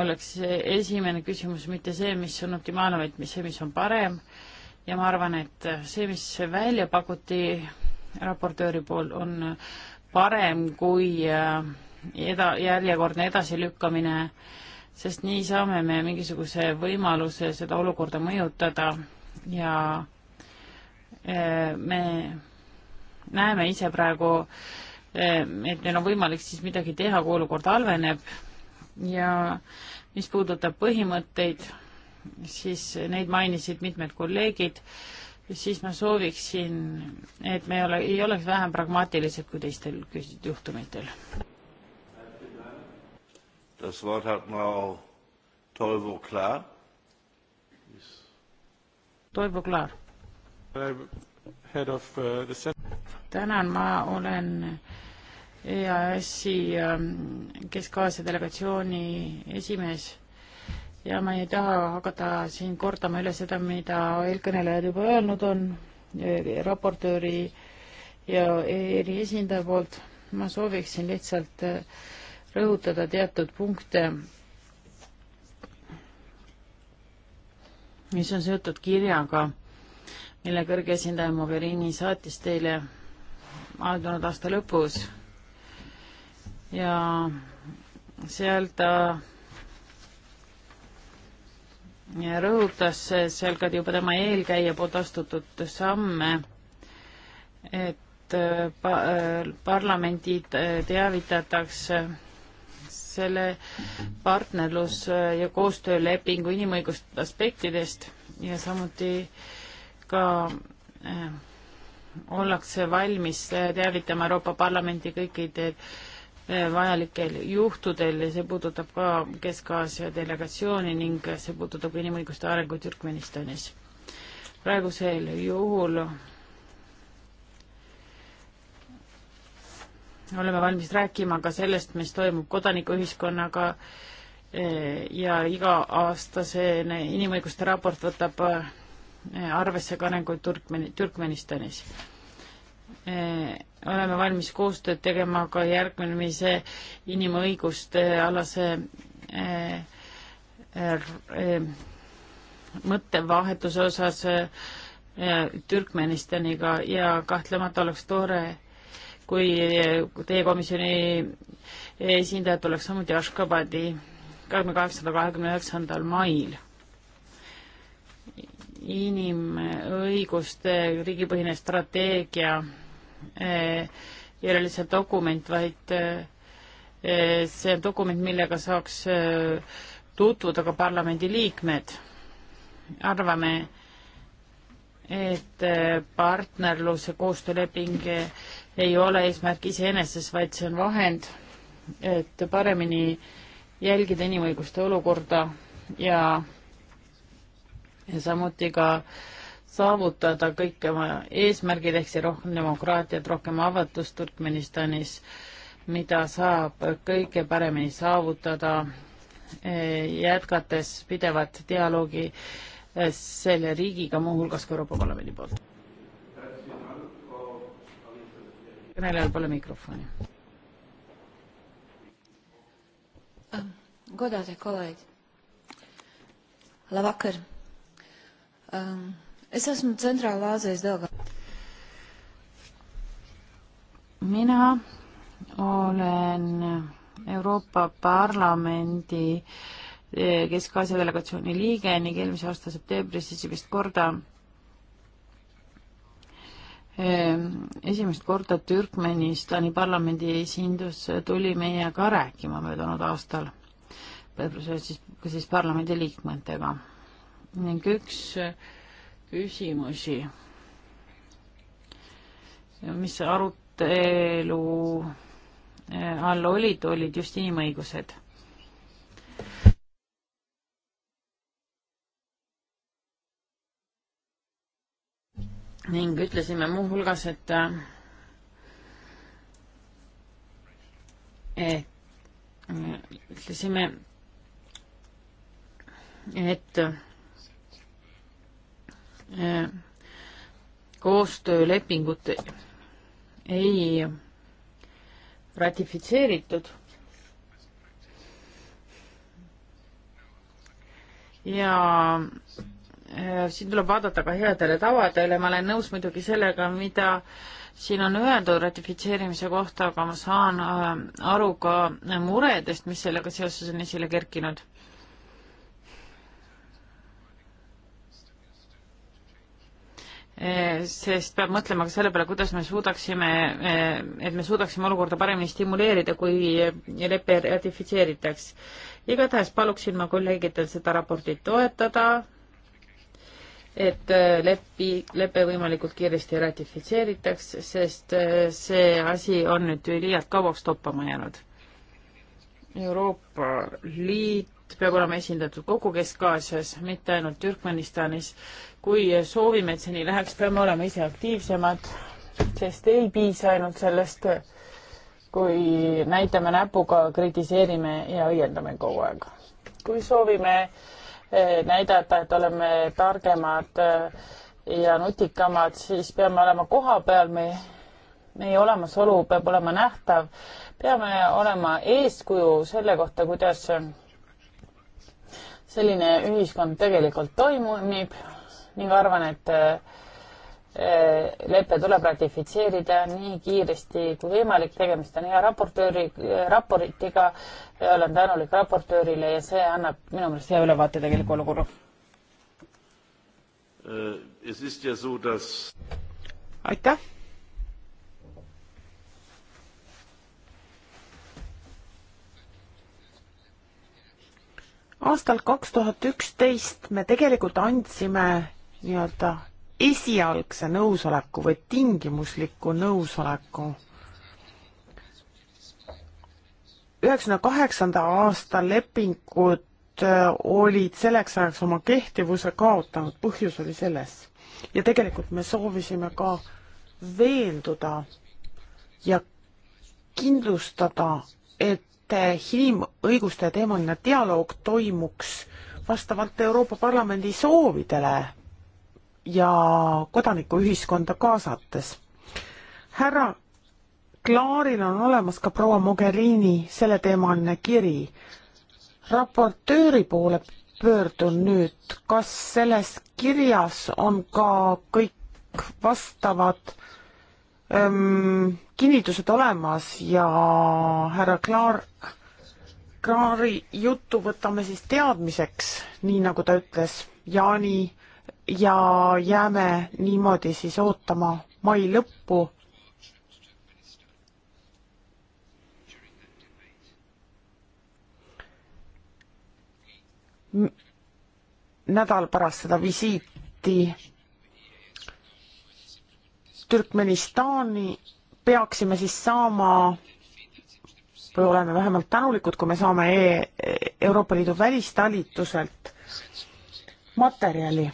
oleks esimene küsimus mitte see, mis on optimaalne, vaid mis, see, mis on parem ja ma arvan, et see, mis välja pakuti raportööri pool, on parem kui äh, eda-, järjekordne edasilükkamine, sest nii saame me mingisuguse võimaluse seda olukorda mõjutada ja äh, me näeme ise praegu, äh, et meil on võimalik siis midagi teha, kui olukord halveneb ja mis puudutab põhimõtteid, siis neid mainisid mitmed kolleegid, siis ma sooviksin, et me ei ole, ei oleks vähem pragmaatilised kui teistel juhtumitel. Das Wort hat Frau Toivo Klaar. Toivo Klaar. Head of uh, the tänan, ma olen EAS-i um, Kesk-Aasia delegatsiooni esimees ja ma ei taha hakata siin kordama üle seda, mida eelkõnelejad juba öelnud on raportööri ja eri esindaja poolt. ma sooviksin lihtsalt äh, rõhutada teatud punkte, mis on seotud kirjaga, mille kõrge esindaja Mogherini saatis teile aegunud aasta lõpus ja seal ta rõhutas seal ka juba tema eelkäija poolt astutud samme, et äh, pa-, äh, parlamendi äh, teavitatakse selle partnerlus- ja koostöölepingu inimõiguste aspektidest ja samuti ka ollakse valmis teavitama Euroopa Parlamenti kõikide vajalikel juhtudel ja see puudutab ka Kesk-Aasia delegatsiooni ning see puudutab ka inimõiguste arengut Türkmenistanis. praegusel juhul oleme valmis rääkima ka sellest, mis toimub kodanikuühiskonnaga eh, ja iga-aastasene inimõiguste raport võtab eh, arvesse ka arenguid Türkmeni-, Türkmenistanis eh, oleme valmis koostööd tegema ka järgmise inimõiguste alase äh, äh, mõttevahetuse osas äh, Türkmenistaniga ja kahtlemata oleks tore, kui teie komisjoni esindajad tuleks samuti Ashgabadi kahekümne kaheksandal, kahekümne üheksandal mail inimõiguste riigipõhine strateegia Eh, ei ole lihtsalt dokument, vaid eh, see on dokument, millega saaks eh, tutvuda ka parlamendiliikmed. arvame, et partnerluse koostööleping ei ole eesmärk iseeneses, vaid see on vahend, et paremini jälgida inimõiguste olukorda ja ja samuti ka äh, saavutada kõik oma eesmärgid, ehk see rohkem demokraatiat, rohkem avatust Turkmenistanis, mida saab kõige paremini saavutada, e, jätkates pidevat dialoogi e, selle riigiga, muuhulgas ka Euroopa Parlamendi poolt. kõnelejal pole mikrofoni. Godātie kolēģi, labvakar! Um, es esmu Centrāla Āzijas delegāts. Mina olen Euroopa Parlamendi eh, Kesk-Aasia delegatsiooni liige ning eelmise aasta septembris esimest korda eh, esimest korda Türkmenistani parlamendi esindus tuli meiega rääkima möödunud aastal, võib-olla siis, ka siis parlamendi liikmetega. ning üks äh, küsimusi, mis arutelu eh, all olid, olid just inimõigused. ning ütlesime muuhulgas, et eh, et eh, ütlesime, et Äh, koostöölepingut ei ratifitseeritud. ja äh, siin tuleb vaadata ka headele tavadele, ma olen nõus muidugi sellega, mida siin on öeldud ratifitseerimise kohta, aga ma saan äh, aru ka muredest, mis sellega seoses on esile kerkinud sest peab mõtlema ka selle peale, kuidas me suudaksime, et me suudaksime olukorda paremini stimuleerida, kui lepe ratifitseeritaks. igatahes paluksin ma kolleegidel seda raportit toetada, et lepi, lepe võimalikult kiiresti ratifitseeritaks, sest see asi on nüüd liialt kauaks toppama jäänud. Euroopa Liit peab olema esindatud kogu Kesk-Aasias, mitte ainult Türkmenistanis. kui soovime, et see nii läheks, peame olema ise aktiivsemad, sest ei piisa ainult sellest, kui näitame näpuga, kritiseerime ja õiendame kogu aeg. kui soovime eh, näidata, et oleme targemad eh, ja nutikamad, siis peame olema kohapeal, me meie olemasolu peab olema nähtav, peame olema eeskuju selle kohta, kuidas selline ühiskond tegelikult toimib ning arvan, et eh, lepe tuleb ratifitseerida nii kiiresti kui võimalik, tegemist on hea raportööri, eh, raportiga, olen tänulik raportöörile ja see annab minu meelest hea ülevaate tegeliku olukorra. Äh, aitäh aastal kaks tuhat üksteist me tegelikult andsime nii-öelda esialgse nõusoleku või tingimusliku nõusoleku. üheksakümne kaheksanda aasta lepingud äh, olid selleks ajaks oma kehtivuse kaotanud, põhjus oli selles. ja tegelikult me soovisime ka veenduda ja kindlustada, et et inimõiguste teemaline dialoog toimuks vastavalt Euroopa Parlamendi soovidele ja kodanikuühiskonda kaasates. härra Klaaril on olemas ka proua Mogherini selleteemaline kiri. raportööri poole pöördun nüüd, kas selles kirjas on ka kõik vastavad äh, ähm, kinnitused olemas ja härra Klaar, Klaari juttu võtame siis teadmiseks, nii nagu ta ütles, Jaani, ja jääme niimoodi siis ootama mai lõppu. nädal pärast seda visiiti Türkmenistani peaksime siis saama või oleme vähemalt tänulikud, kui me saame e Euroopa Liidu välistalituselt materjali.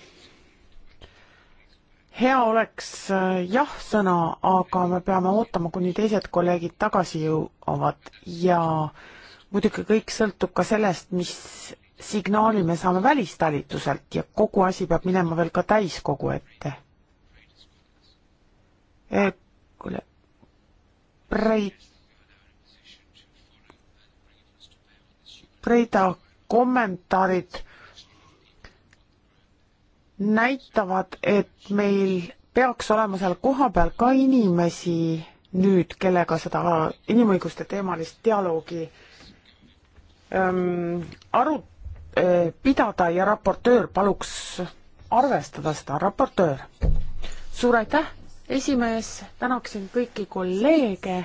hea oleks jah-sõna, aga me peame ootama, kuni teised kolleegid tagasi jõuavad ja muidugi kõik sõltub ka sellest, mis signaali me saame välistalituselt ja kogu asi peab minema veel ka täiskogu ette Äh, kuule, Breit, Breida kommentaarid näitavad, et meil peaks olema seal kohapeal ka inimesi nüüd, kellega seda inimõiguste teemalist dialoogi ähm, aru- äh,, pidada ja raportöör paluks arvestada seda, raportöör. suur aitäh! esimees, tänaksin kõiki kolleege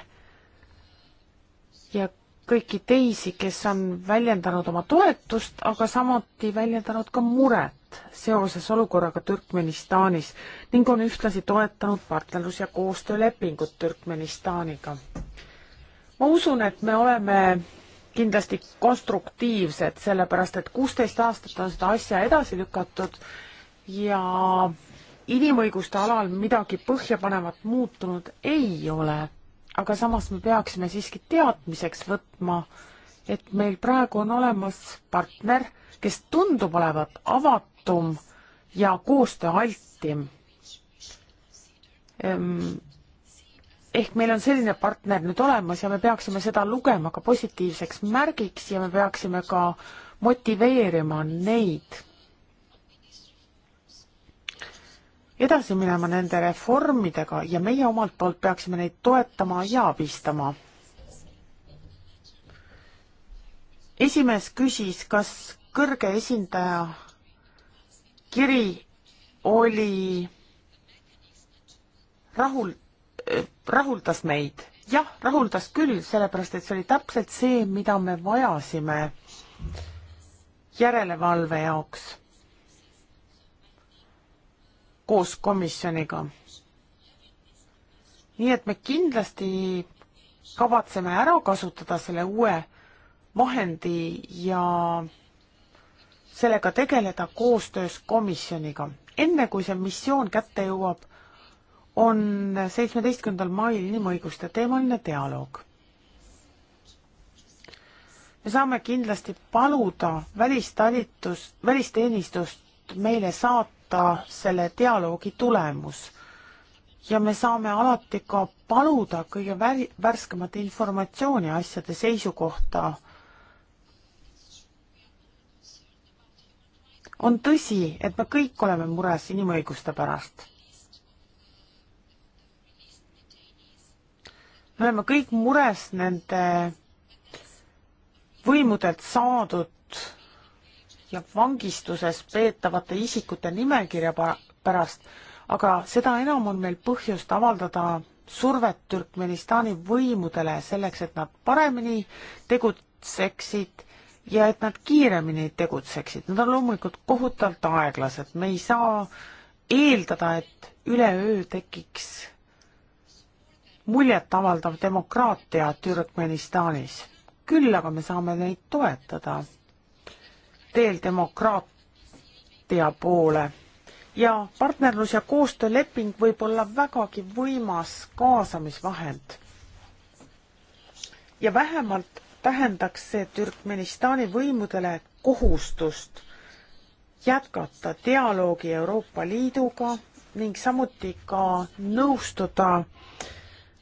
ja kõiki teisi, kes on väljendanud oma toetust, aga samuti väljendanud ka muret seoses olukorraga Türkmenistanis ning on ühtlasi toetanud partnerlus- ja koostöölepingut Türkmenistaniga. ma usun, et me oleme kindlasti konstruktiivsed, sellepärast et kuusteist aastat on seda asja edasi lükatud ja inimõiguste alal midagi põhjapanevat muutunud ei ole, aga samas me peaksime siiski teadmiseks võtma, et meil praegu on olemas partner, kes tundub olevat avatum ja koostööaltim. Ehm, ehk meil on selline partner nüüd olemas ja me peaksime seda lugema ka positiivseks märgiks ja me peaksime ka motiveerima neid edasi minema nende reformidega ja meie omalt poolt peaksime neid toetama ja abistama. esimees küsis, kas kõrge esindaja kiri oli rahul, rahuldas meid. jah, rahuldas küll, sellepärast et see oli täpselt see, mida me vajasime järelevalve jaoks koos komisjoniga. nii et me kindlasti kavatseme ära kasutada selle uue vahendi ja sellega tegeleda koostöös komisjoniga. enne kui see missioon kätte jõuab, on seitsmeteistkümnendal mail inimõiguste teemaline dialoog. me saame kindlasti paluda välistalitust, välisteenistust meile saata oodata selle dialoogi tulemus. ja me saame alati ka paluda kõige väri, värskemat informatsiooni asjade seisu kohta. on tõsi, et me kõik oleme mures inimõiguste pärast me oleme kõik mures nende võimudelt saadud ja vangistuses peetavate isikute nimekirja pärast, aga seda enam on meil põhjust avaldada survet Türkmenistani võimudele selleks, et nad paremini tegutseksid ja et nad kiiremini tegutseksid. Nad on loomulikult kohutavalt aeglased, me ei saa eeldada, et üleöö tekiks muljetavaldav demokraatia Türkmenistanis. küll aga me saame neid toetada teel demokraatia poole ja partnerlus- ja koostööleping võib olla vägagi võimas kaasamisvahend. ja vähemalt tähendaks see Türkmenistani võimudele kohustust jätkata dialoogi Euroopa Liiduga ning samuti ka nõustuda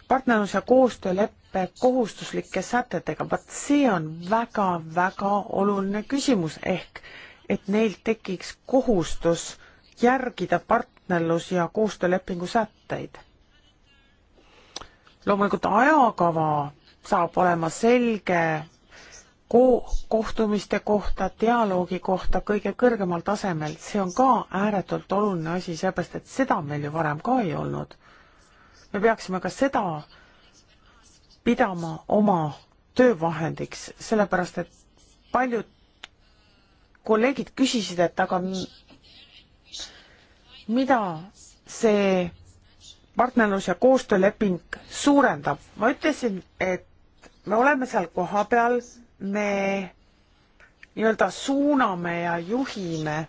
partnerlus- ja koostööleppega kohustuslike sätetega, vaat see on väga-väga oluline küsimus, ehk et neil tekiks kohustus järgida partnerlus- ja koostöölepingu sätteid. loomulikult ajakava saab olema selge ko-, kohtumiste kohta, dialoogi kohta kõige kõrgemal tasemel, see on ka ääretult oluline asi, sellepärast et seda meil ju varem ka ei olnud. me peaksime ka seda pidama oma töövahendiks, sellepärast et paljud kolleegid küsisid, et aga mida see partnerlus- ja koostööleping suurendab. ma ütlesin, et me oleme seal kohapeal, me nii-öelda suuname ja juhime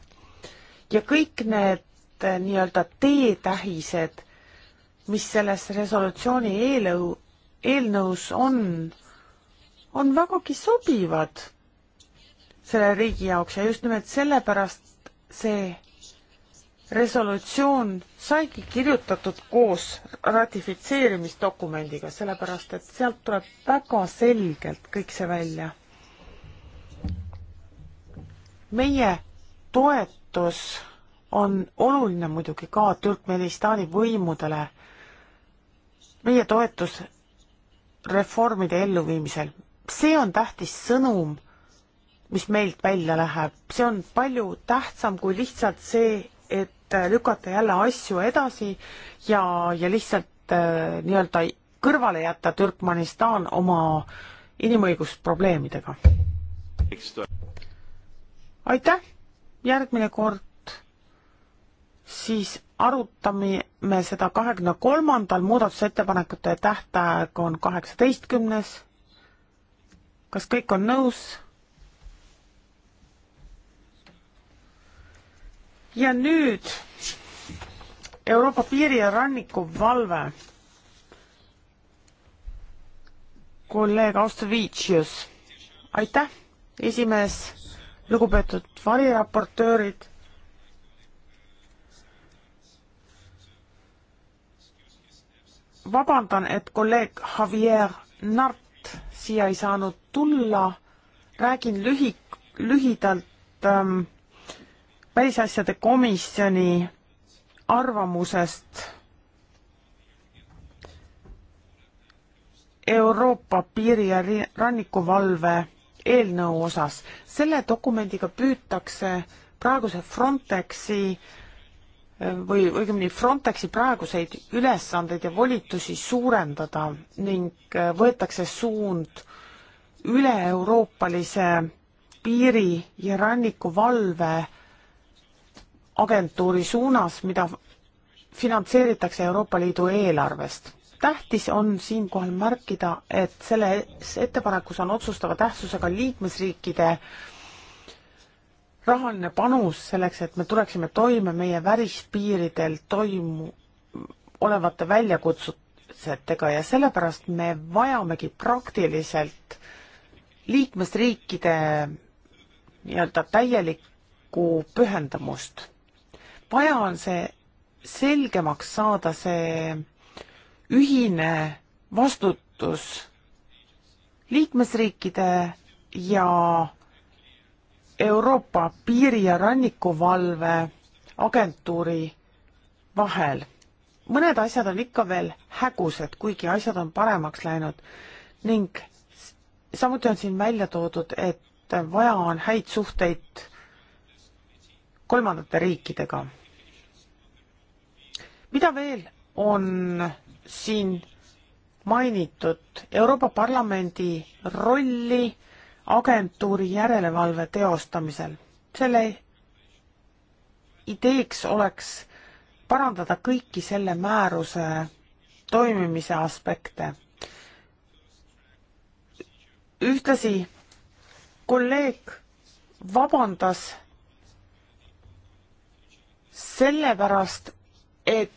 ja kõik need eh, nii-öelda teetähised, mis selles resolutsiooni eelõu eelnõus on, on vägagi sobivad selle riigi jaoks ja just nimelt sellepärast see resolutsioon saigi kirjutatud koos ratifitseerimisdokumendiga, sellepärast et sealt tuleb väga selgelt kõik see välja. meie toetus on oluline muidugi ka Türkmenistani võimudele. meie toetus reformide elluviimisel. see on tähtis sõnum, mis meilt välja läheb, see on palju tähtsam kui lihtsalt see, et äh, lükata jälle asju edasi ja, ja lihtsalt äh, nii-öelda kõrvale jätta Türkmenistan oma inimõigusprobleemidega. aitäh, järgmine kord siis arutame seda kahekümne kolmandal, muudatusettepanekute tähtaeg on kaheksateistkümnes. kas kõik on nõus? ja nüüd Euroopa piiri ja ranniku valve. kolleeg Austavitšius, aitäh, esimees, lugupeetud variraportöörid vabandan, et kolleeg Javier Nart siia ei saanud tulla, räägin lühi, lühidalt ähm, välisasjade komisjoni arvamusest Euroopa piiri- ja rannikuvalve eelnõu osas. selle dokumendiga püütakse praeguse Frontexi äh, või õigemini Frontexi praeguseid ülesandeid ja volitusi suurendada ning äh, võetakse suund üle-euroopalise piiri ja rannikuvalve agentuuri suunas, mida finantseeritakse Euroopa Liidu eelarvest. tähtis on siinkohal märkida, et selles ettepanekus on otsustava tähtsusega liikmesriikide äh, rahaline panus selleks, et me tuleksime toime meie välispiiridel toimu-, olevate väljakutsetega ja sellepärast me vajamegi praktiliselt liikmesriikide nii-öelda täielikku pühendumust. vaja on see selgemaks saada, see ühine vastutus liikmesriikide ja Euroopa Piiri- ja Rannikuvalve agentuuri vahel. mõned asjad on ikka veel hägused, kuigi asjad on paremaks läinud ning samuti on siin välja toodud, et vaja on häid suhteid kolmandate riikidega. mida veel on siin mainitud Euroopa Parlamendi rolli agentuuri järelevalve teostamisel. selle ideeks oleks parandada kõiki selle määruse toimimise aspekte. ühtlasi kolleeg vabandas sellepärast, et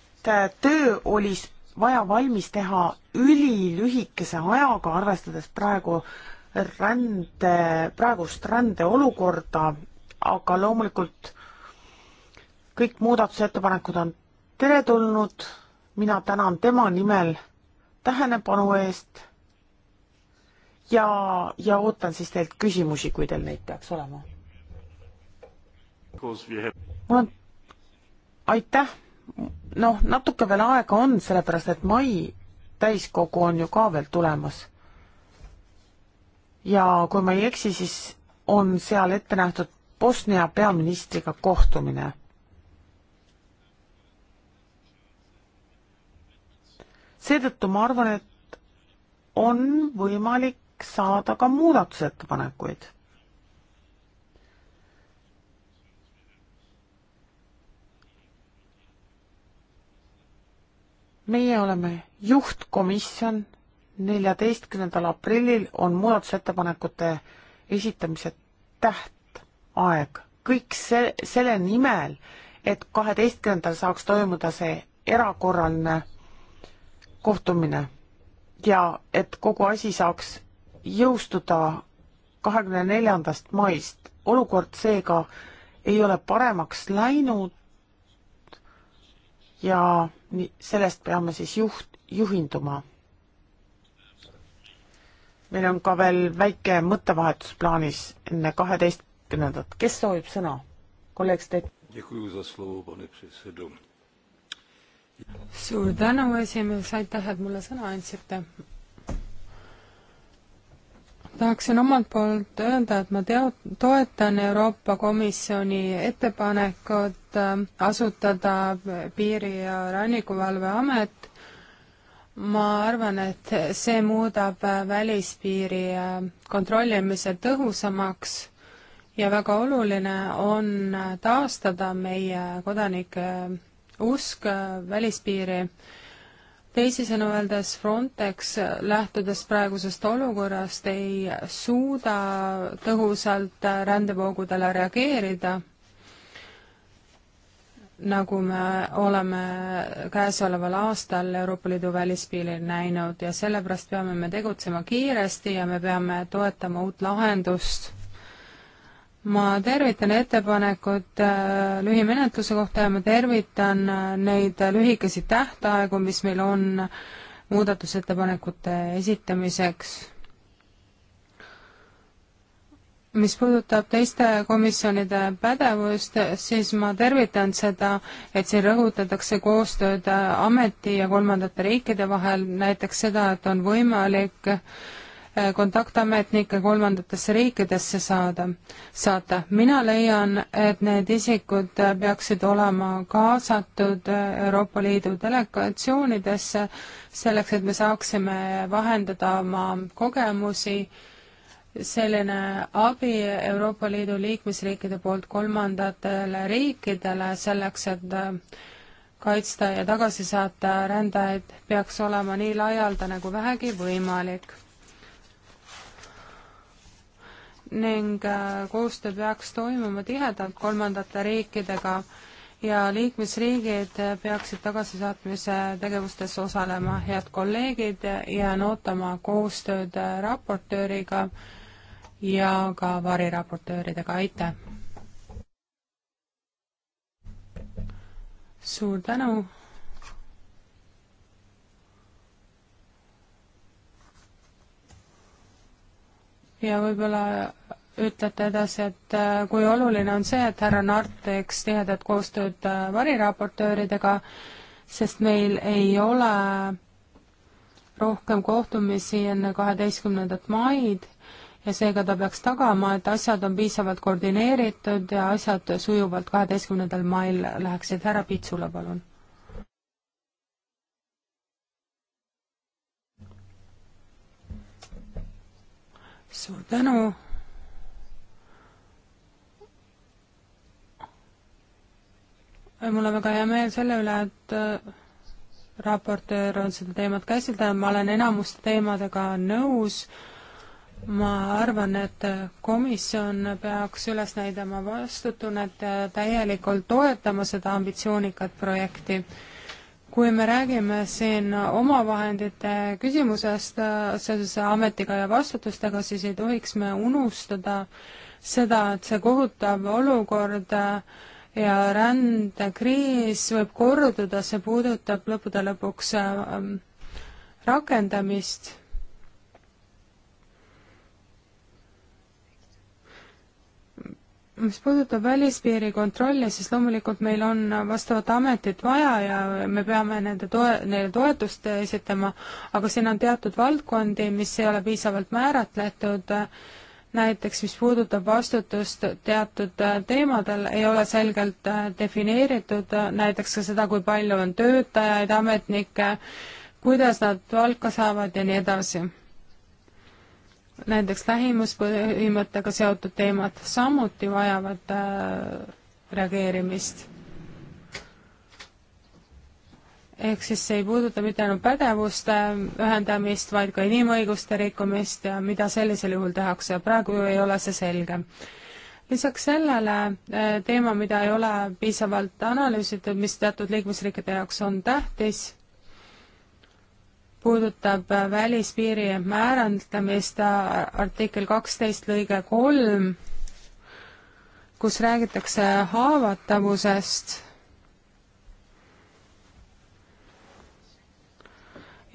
töö oli vaja valmis teha ülilühikese ajaga, arvestades praegu äh, rände, praegust rändeolukorda, aga loomulikult kõik muudatusettepanekud on teretulnud, mina tänan tema nimel tähelepanu eest ja, ja ootan siis teilt küsimusi, kui teil neid peaks olema. mul on, aitäh, noh, natuke veel aega on, sellepärast et mai täiskogu on ju ka veel tulemas ja kui ma ei eksi, siis on seal ette nähtud Bosnia peaministriga kohtumine. seetõttu ma arvan, et on võimalik saada ka muudatusettepanekuid. meie oleme juhtkomisjon neljateistkümnendal aprillil on muudatusettepanekute esitamise tähtaeg. kõik see, selle nimel, et kaheteistkümnendal saaks toimuda see erakorraline kohtumine ja et kogu asi saaks jõustuda kahekümne neljandast maist. olukord seega ei ole paremaks läinud ja sellest peame siis juht, juhinduma meil on ka veel väike mõttevahetus plaanis enne kaheteistkümnendat. kes soovib sõna? kolleeg Step. suur tänu, esimees, aitäh, et mulle sõna andsite. tahaksin omalt poolt öelda, et ma teo-, toetan Euroopa Komisjoni ettepanekut äh, asutada Piiri- ja Rannikuvalveamet ma arvan, et see muudab äh, välispiiri äh, kontrollimise tõhusamaks ja väga oluline on äh, taastada meie kodanike usk välispiiri. teisisõnu öeldes Frontex, lähtudes praegusest olukorrast, ei suuda tõhusalt rändevoogudele reageerida nagu me oleme käesoleval aastal Euroopa Liidu välispiiril näinud ja sellepärast peame me tegutsema kiiresti ja me peame toetama uut lahendust. ma tervitan ettepanekut äh, lühimenetluse kohta ja ma tervitan äh, neid lühikesi tähtaegu, mis meil on muudatusettepanekute esitamiseks mis puudutab teiste komisjonide pädevust, siis ma tervitan seda, et siin rõhutatakse koostööd ameti ja kolmandate riikide vahel, näiteks seda, et on võimalik eh, kontaktametnikke kolmandatesse riikidesse saada, saata. mina leian, et need isikud peaksid olema kaasatud Euroopa Liidu delegatsioonidesse, selleks et me saaksime vahendada oma kogemusi äh, selline abi Euroopa Liidu liikmesriikide poolt kolmandatele riikidele selleks, et äh, kaitsta ja tagasi saata rändajaid, peaks olema nii laialdane nagu kui vähegi võimalik. ning äh, koostöö peaks toimuma tihedalt kolmandate riikidega ja liikmesriigid peaksid tagasisaatmise tegevustes osalema. head kolleegid, jään ootama koostööd äh, raportööriga ja ka variraportööridega, aitäh! suur tänu! ja võib-olla ütlete edasi, et äh, kui oluline on see, et härra Nart teeks tihedat koostööd äh, variraportööridega, sest meil ei ole rohkem kohtumisi enne kaheteistkümnendat maid ja seega ta peaks tagama, et asjad on piisavalt koordineeritud ja asjad sujuvalt kaheteistkümnendal mail läheksid. härra Pitsula, palun. suur tänu. mul on väga hea meel selle üle, et äh, raportöör on seda teemat käsitlenud, ma olen enamuste teemadega nõus ma arvan, et komisjon peaks üles näidama vastutunnet ja täielikult toetama seda ambitsioonikat projekti. kui me räägime siin omavahendite küsimusest äh, seoses ametiga ja vastutustega, siis ei tohiks me unustada seda, et see kohutav olukord äh, ja rändekriis võib korduda, see puudutab lõppude lõpuks äh, rakendamist mis puudutab välispiiri kontrolli, siis loomulikult meil on vastavat ametit vaja ja me peame nende toe, neile toetust esitama, aga siin on teatud valdkondi, mis ei ole piisavalt määratletud, näiteks mis puudutab vastutust teatud teemadel, ei ole selgelt äh, defineeritud, äh, näiteks ka seda, kui palju on töötajaid, ametnikke, kuidas nad palka saavad ja nii edasi näiteks lähimuspõhimõttega seotud teemad samuti vajavad äh, reageerimist. ehk siis see ei puuduta mitte ainult pädevuste ühendamist, vaid ka inimõiguste rikkumist ja mida sellisel juhul tehakse ja praegu ju ei ole see selge. lisaks sellele äh, teema, mida ei ole piisavalt analüüsitud, mis teatud liikmesriikide jaoks on tähtis puudutab äh, välispiiri määrandamist, äh, artikkel kaksteist lõige kolm, kus räägitakse haavatavusest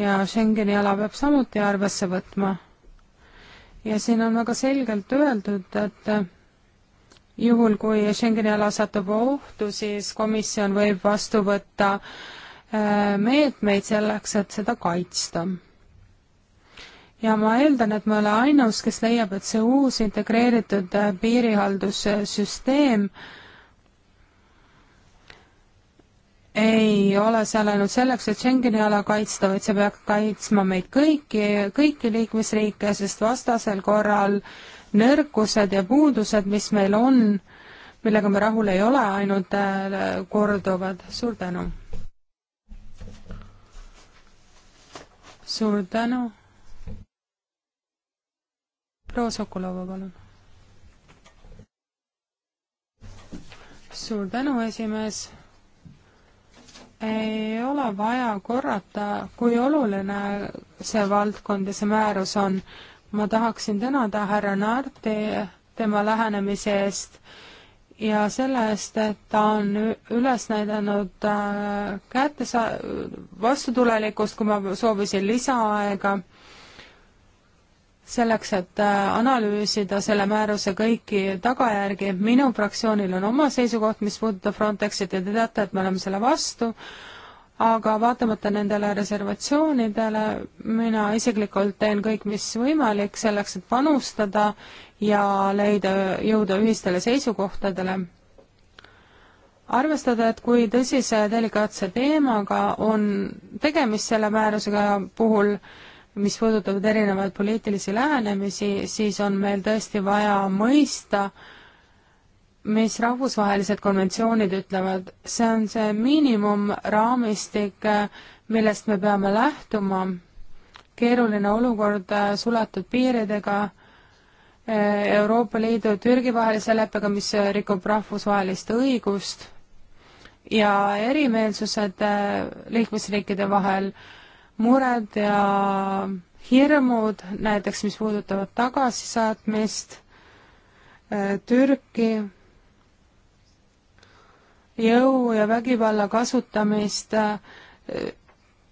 ja Schengeni ala peab samuti arvesse võtma. ja siin on väga selgelt öeldud, et äh, juhul, kui Schengeni ala satub ohtu, siis komisjon võib vastu võtta äh, Äh, meetmeid selleks, et seda kaitsta. ja ma eeldan, et ma ei ole ainus, kes leiab, et see uus integreeritud äh, piirihaldussüsteem ei ole seal ainult selleks, et Schengeni ala kaitsta, vaid see peab kaitsma meid kõiki, kõiki liikmesriike, sest vastasel korral nõrkused ja puudused, mis meil on, millega me rahul ei ole, ainult äh, korduvad. suur tänu! suur tänu. proua Sokolova, palun. suur tänu, esimees. ei ole vaja korrata, kui oluline see valdkond ja see määrus on. ma tahaksin tänada härra Naarti tema lähenemise eest ja selle eest, et ta on üles näidanud äh, kätte sa-, vastutulelikkust, kui ma soovisin lisaaega, selleks, et äh, analüüsida selle määruse kõiki tagajärgi. minu fraktsioonil on oma seisukoht, mis puudutab Frontexit ja te teate, et me oleme selle vastu, aga vaatamata nendele reservatsioonidele mina isiklikult teen kõik, mis võimalik selleks, et panustada ja leida, jõuda ühistele seisukohtadele. arvestada, et kui tõsise delikaatse teemaga on tegemist selle määrusega puhul, mis puudutavad erinevaid poliitilisi lähenemisi, siis on meil tõesti vaja mõista, mis rahvusvahelised konventsioonid ütlevad. see on see miinimumraamistik, millest me peame lähtuma. keeruline olukord suletud piiridega Eh, Euroopa Liidu ja Türgi vahelise leppega, mis rikub rahvusvahelist õigust ja erimeelsused eh, liikmesriikide vahel, mured ja hirmud, näiteks mis puudutavad tagasisaatmist eh, Türki, jõu ja vägivalla kasutamist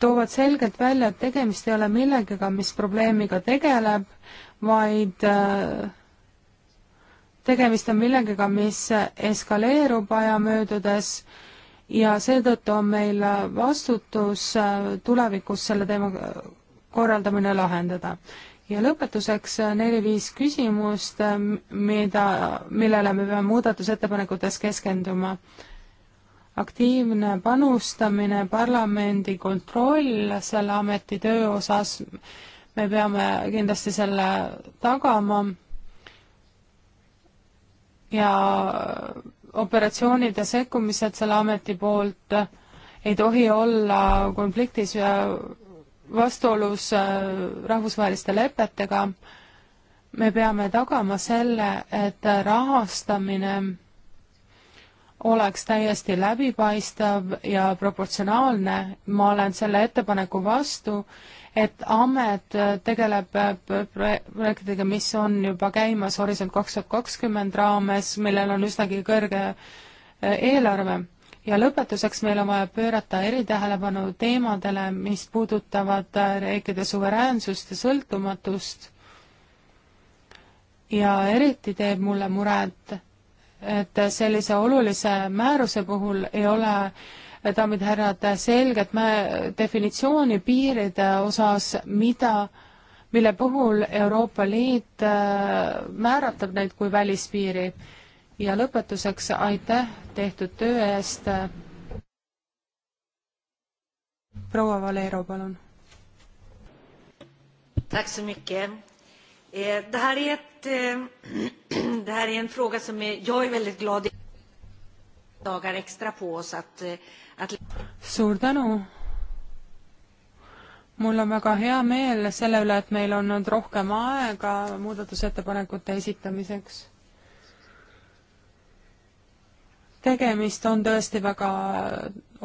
toovad selgelt välja, et tegemist ei ole millegagi, mis probleemiga tegeleb, vaid äh, tegemist on millegagi, mis eskaleerub aja möödudes ja seetõttu on meil äh, vastutus äh, tulevikus selle teema korraldamine lahendada. ja lõpetuseks neli-viis küsimust, mida, millele me peame muudatusettepanekutes keskenduma. aktiivne panustamine, parlamendi kontroll selle ameti töö osas, me peame kindlasti selle tagama ja operatsioonid ja sekkumised selle ameti poolt ei tohi olla konfliktis ja vastuolus äh, rahvusvaheliste lepetega. me peame tagama selle, et rahastamine oleks täiesti läbipaistev ja proportsionaalne, ma olen selle ettepaneku vastu et amet äh, tegeleb äh, projektidega, mis on juba käimas Horisont kaks tuhat kakskümmend raames, millel on üsnagi kõrge äh, eelarve. ja lõpetuseks meil on vaja pöörata eritähelepanu teemadele, mis puudutavad riikide suveräänsust ja sõltumatust ja eriti teeb mulle muret, et sellise olulise määruse puhul ei ole äh, daamid ja härrad, selget definitsiooni piiride äh, osas, mida, mille puhul Euroopa Liit äh, määratleb neid kui välispiiri. ja lõpetuseks aitäh tehtud töö eest. proua Valero, palun. Eh, det här, är ett, eh, det här är en fråga som är, jag är väldigt glad i dagar extra på oss att, eh, att... suur tänu! mul on väga hea meel selle üle, et meil on olnud rohkem aega muudatusettepanekute esitamiseks. tegemist on tõesti väga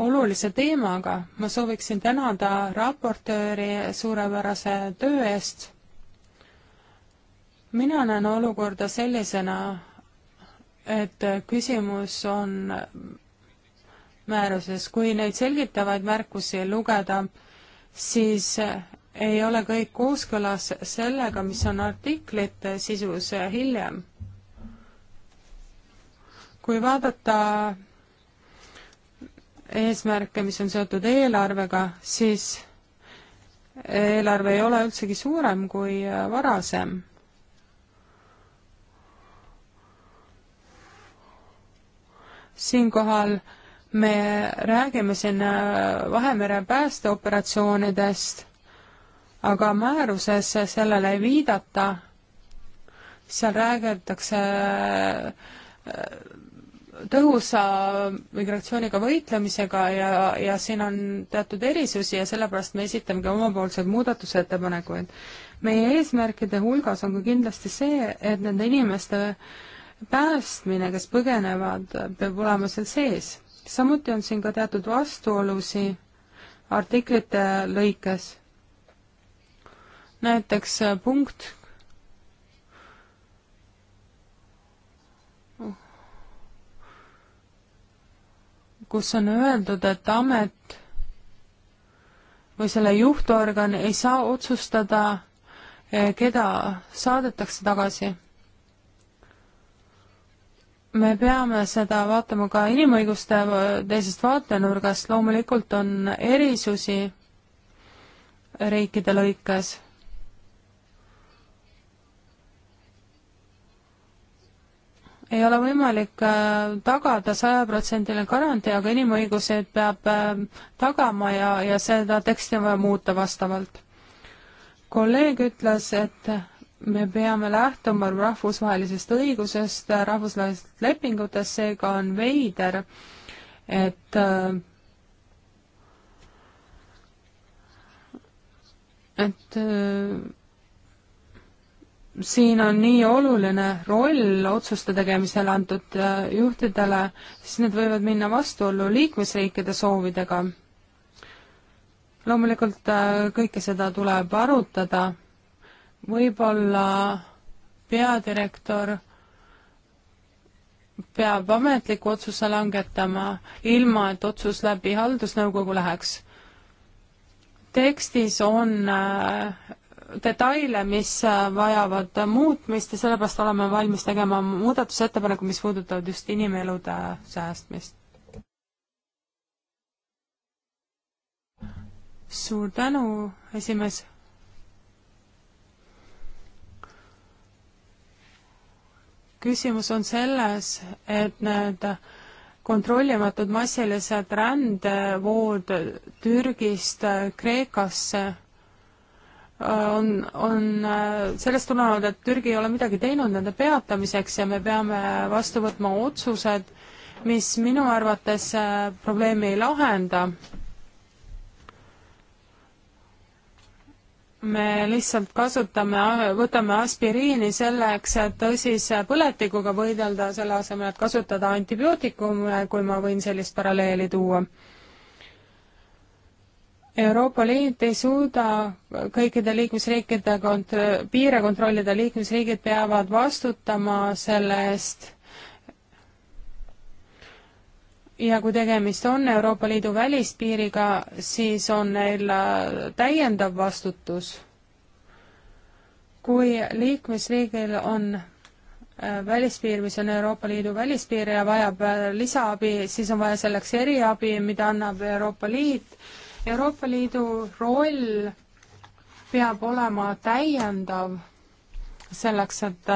olulise teemaga, ma sooviksin tänada raportööri suurepärase töö eest. mina näen olukorda sellisena, et küsimus on määruses, kui neid selgitavaid märkusi lugeda, siis ei ole kõik kooskõlas sellega, mis on artiklite sisus hiljem. kui vaadata eesmärke, mis on seotud eelarvega, siis eelarve ei ole üldsegi suurem kui varasem siinkohal me räägime siin äh, Vahemere päästeoperatsioonidest, aga määruses sellele ei viidata, seal räägitakse äh, tõhusa migratsiooniga võitlemisega ja, ja siin on teatud erisusi ja sellepärast me esitamegi omapoolsed muudatusettepanekuid. meie eesmärkide hulgas on ka kindlasti see, et nende inimeste äh, päästmine, kes põgenevad, peab olema seal sees. samuti on siin ka teatud vastuolusi artiklite lõikes. näiteks äh, punkt kus on öeldud, et amet või selle juhtorgan ei saa otsustada, eh, keda saadetakse tagasi me peame seda vaatama ka inimõiguste teisest vaatenurgast, loomulikult on erisusi riikide lõikes ei ole võimalik äh, tagada sajaprotsendiline garantii, aga inimõigused peab äh, tagama ja, ja seda teksti on vaja muuta vastavalt. kolleeg ütles, et me peame lähtuma rahvusvahelisest õigusest, rahvusvahelistest lepingutest, seega on veider, et et siin on nii oluline roll otsuste tegemisel antud äh, juhtidele, siis need võivad minna vastuollu liikmesriikide soovidega. loomulikult äh, kõike seda tuleb arutada võib-olla peadirektor peab ametliku otsuse langetama, ilma et otsus läbi haldusnõukogu läheks. tekstis on äh, detaile, mis äh, vajavad muutmist ja sellepärast oleme valmis tegema muudatusettepaneku, mis puudutavad just inimelude säästmist. suur tänu, esimees küsimus on selles, et need kontrollimatud massilised rändevood Türgist Kreekasse äh, on, on äh, sellest tulenevalt, et Türgi ei ole midagi teinud nende peatamiseks ja me peame vastu võtma otsused, mis minu arvates äh, probleemi ei lahenda me lihtsalt kasutame, võtame aspiriini selleks, et tõsise põletikuga võidelda, selle asemel, et kasutada antibiootikume, kui ma võin sellist paralleeli tuua. Euroopa Liit ei suuda kõikide liikmesriikide kont-, piire kontrollida, liikmesriigid peavad vastutama selle eest ja kui tegemist on Euroopa Liidu välispiiriga, siis on neil äh, täiendav vastutus. kui liikmesriigil on äh, välispiir, mis on Euroopa Liidu välispiir ja vajab äh, lisaabi, siis on vaja selleks eriabi, mida annab Euroopa Liit. Euroopa Liidu roll peab olema täiendav selleks, et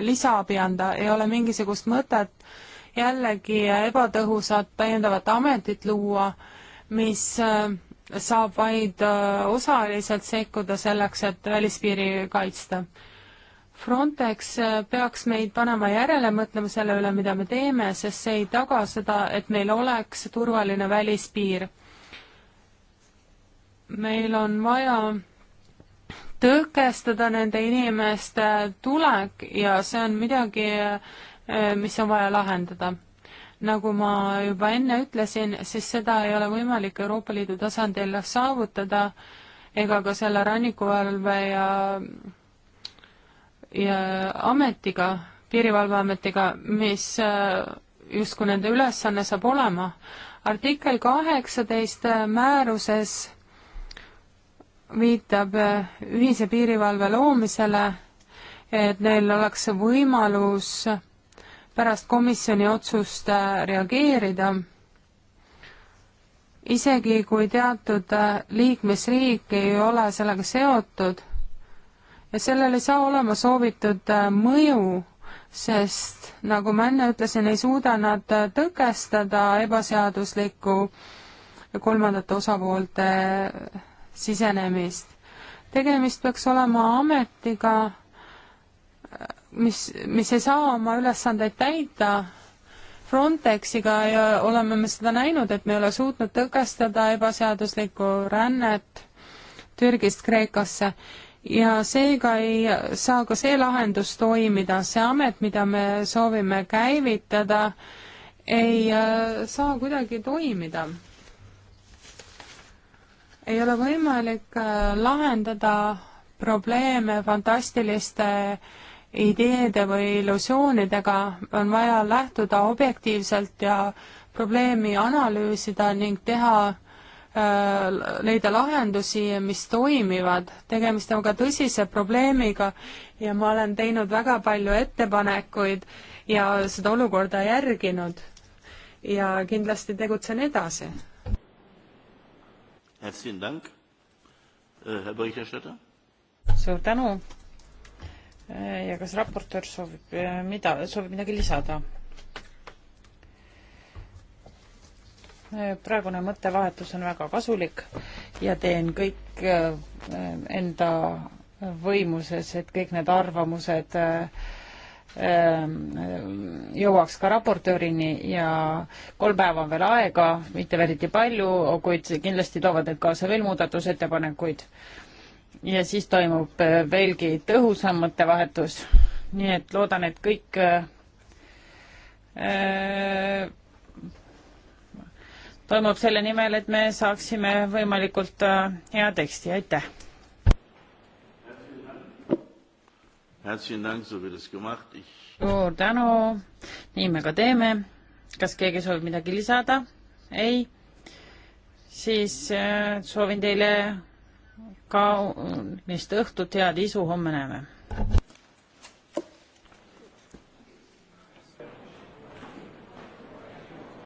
lisaabi anda, ei ole mingisugust mõtet äh, jällegi ebatõhusat täiendavat ametit luua, mis äh, saab vaid äh, osaliselt sekkuda selleks, et välispiiri kaitsta. Frontex äh, peaks meid panema järele mõtlema selle üle, mida me teeme, sest see ei taga seda, et meil oleks turvaline välispiir. meil on vaja tõkestada nende inimeste tulek ja see on midagi, Äh, mis on vaja lahendada. nagu ma juba enne ütlesin, siis seda ei ole võimalik Euroopa Liidu tasandil saavutada ega ka selle rannikuvalve ja, ja ametiga, piirivalveametiga, mis äh, justkui nende ülesanne saab olema. artikkel kaheksateist äh, määruses viitab ühise piirivalve loomisele, et neil oleks võimalus pärast komisjoni otsust äh, reageerida, isegi kui teatud äh, liikmesriik ei ole sellega seotud ja sellel ei saa olema soovitud äh, mõju, sest nagu ma enne ütlesin, ei suuda nad tõkestada ebaseaduslikku kolmandate osapoolte sisenemist. tegemist peaks olema ametiga, mis, mis ei saa oma ülesandeid täita. Frontexiga ja oleme me seda näinud, et me ei ole suutnud tõkestada ebaseaduslikku rännet Türgist Kreekasse ja seega ei saa ka see lahendus toimida, see amet, mida me soovime käivitada, ei äh, saa kuidagi toimida. ei ole võimalik äh, lahendada probleeme fantastiliste äh, ideede või illusioonidega, on vaja lähtuda objektiivselt ja probleemi analüüsida ning teha, äh, leida lahendusi, mis toimivad. tegemist on ka tõsise probleemiga ja ma olen teinud väga palju ettepanekuid ja seda olukorda järginud. ja kindlasti tegutsen edasi. Äh, suur tänu ja kas raportöör soovib eh, mida, soovib midagi lisada? Eh, praegune mõttevahetus on väga kasulik ja teen kõik eh, enda võimuses, et kõik need arvamused jõuaks ka raportöörini ja kolm päeva on veel aega, mitte eriti palju, kuid kindlasti toovad need kaasa veel muudatusettepanekuid ja siis toimub äh, veelgi tõhusam mõttevahetus. nii et loodan, et kõik äh, äh, toimub selle nimel, et me saaksime võimalikult äh, hea teksti, aitäh. suur tänu, nii me ka teeme. kas keegi soovib midagi lisada? ei? siis äh, soovin teile kaunist õhtut, head isu, homme näeme!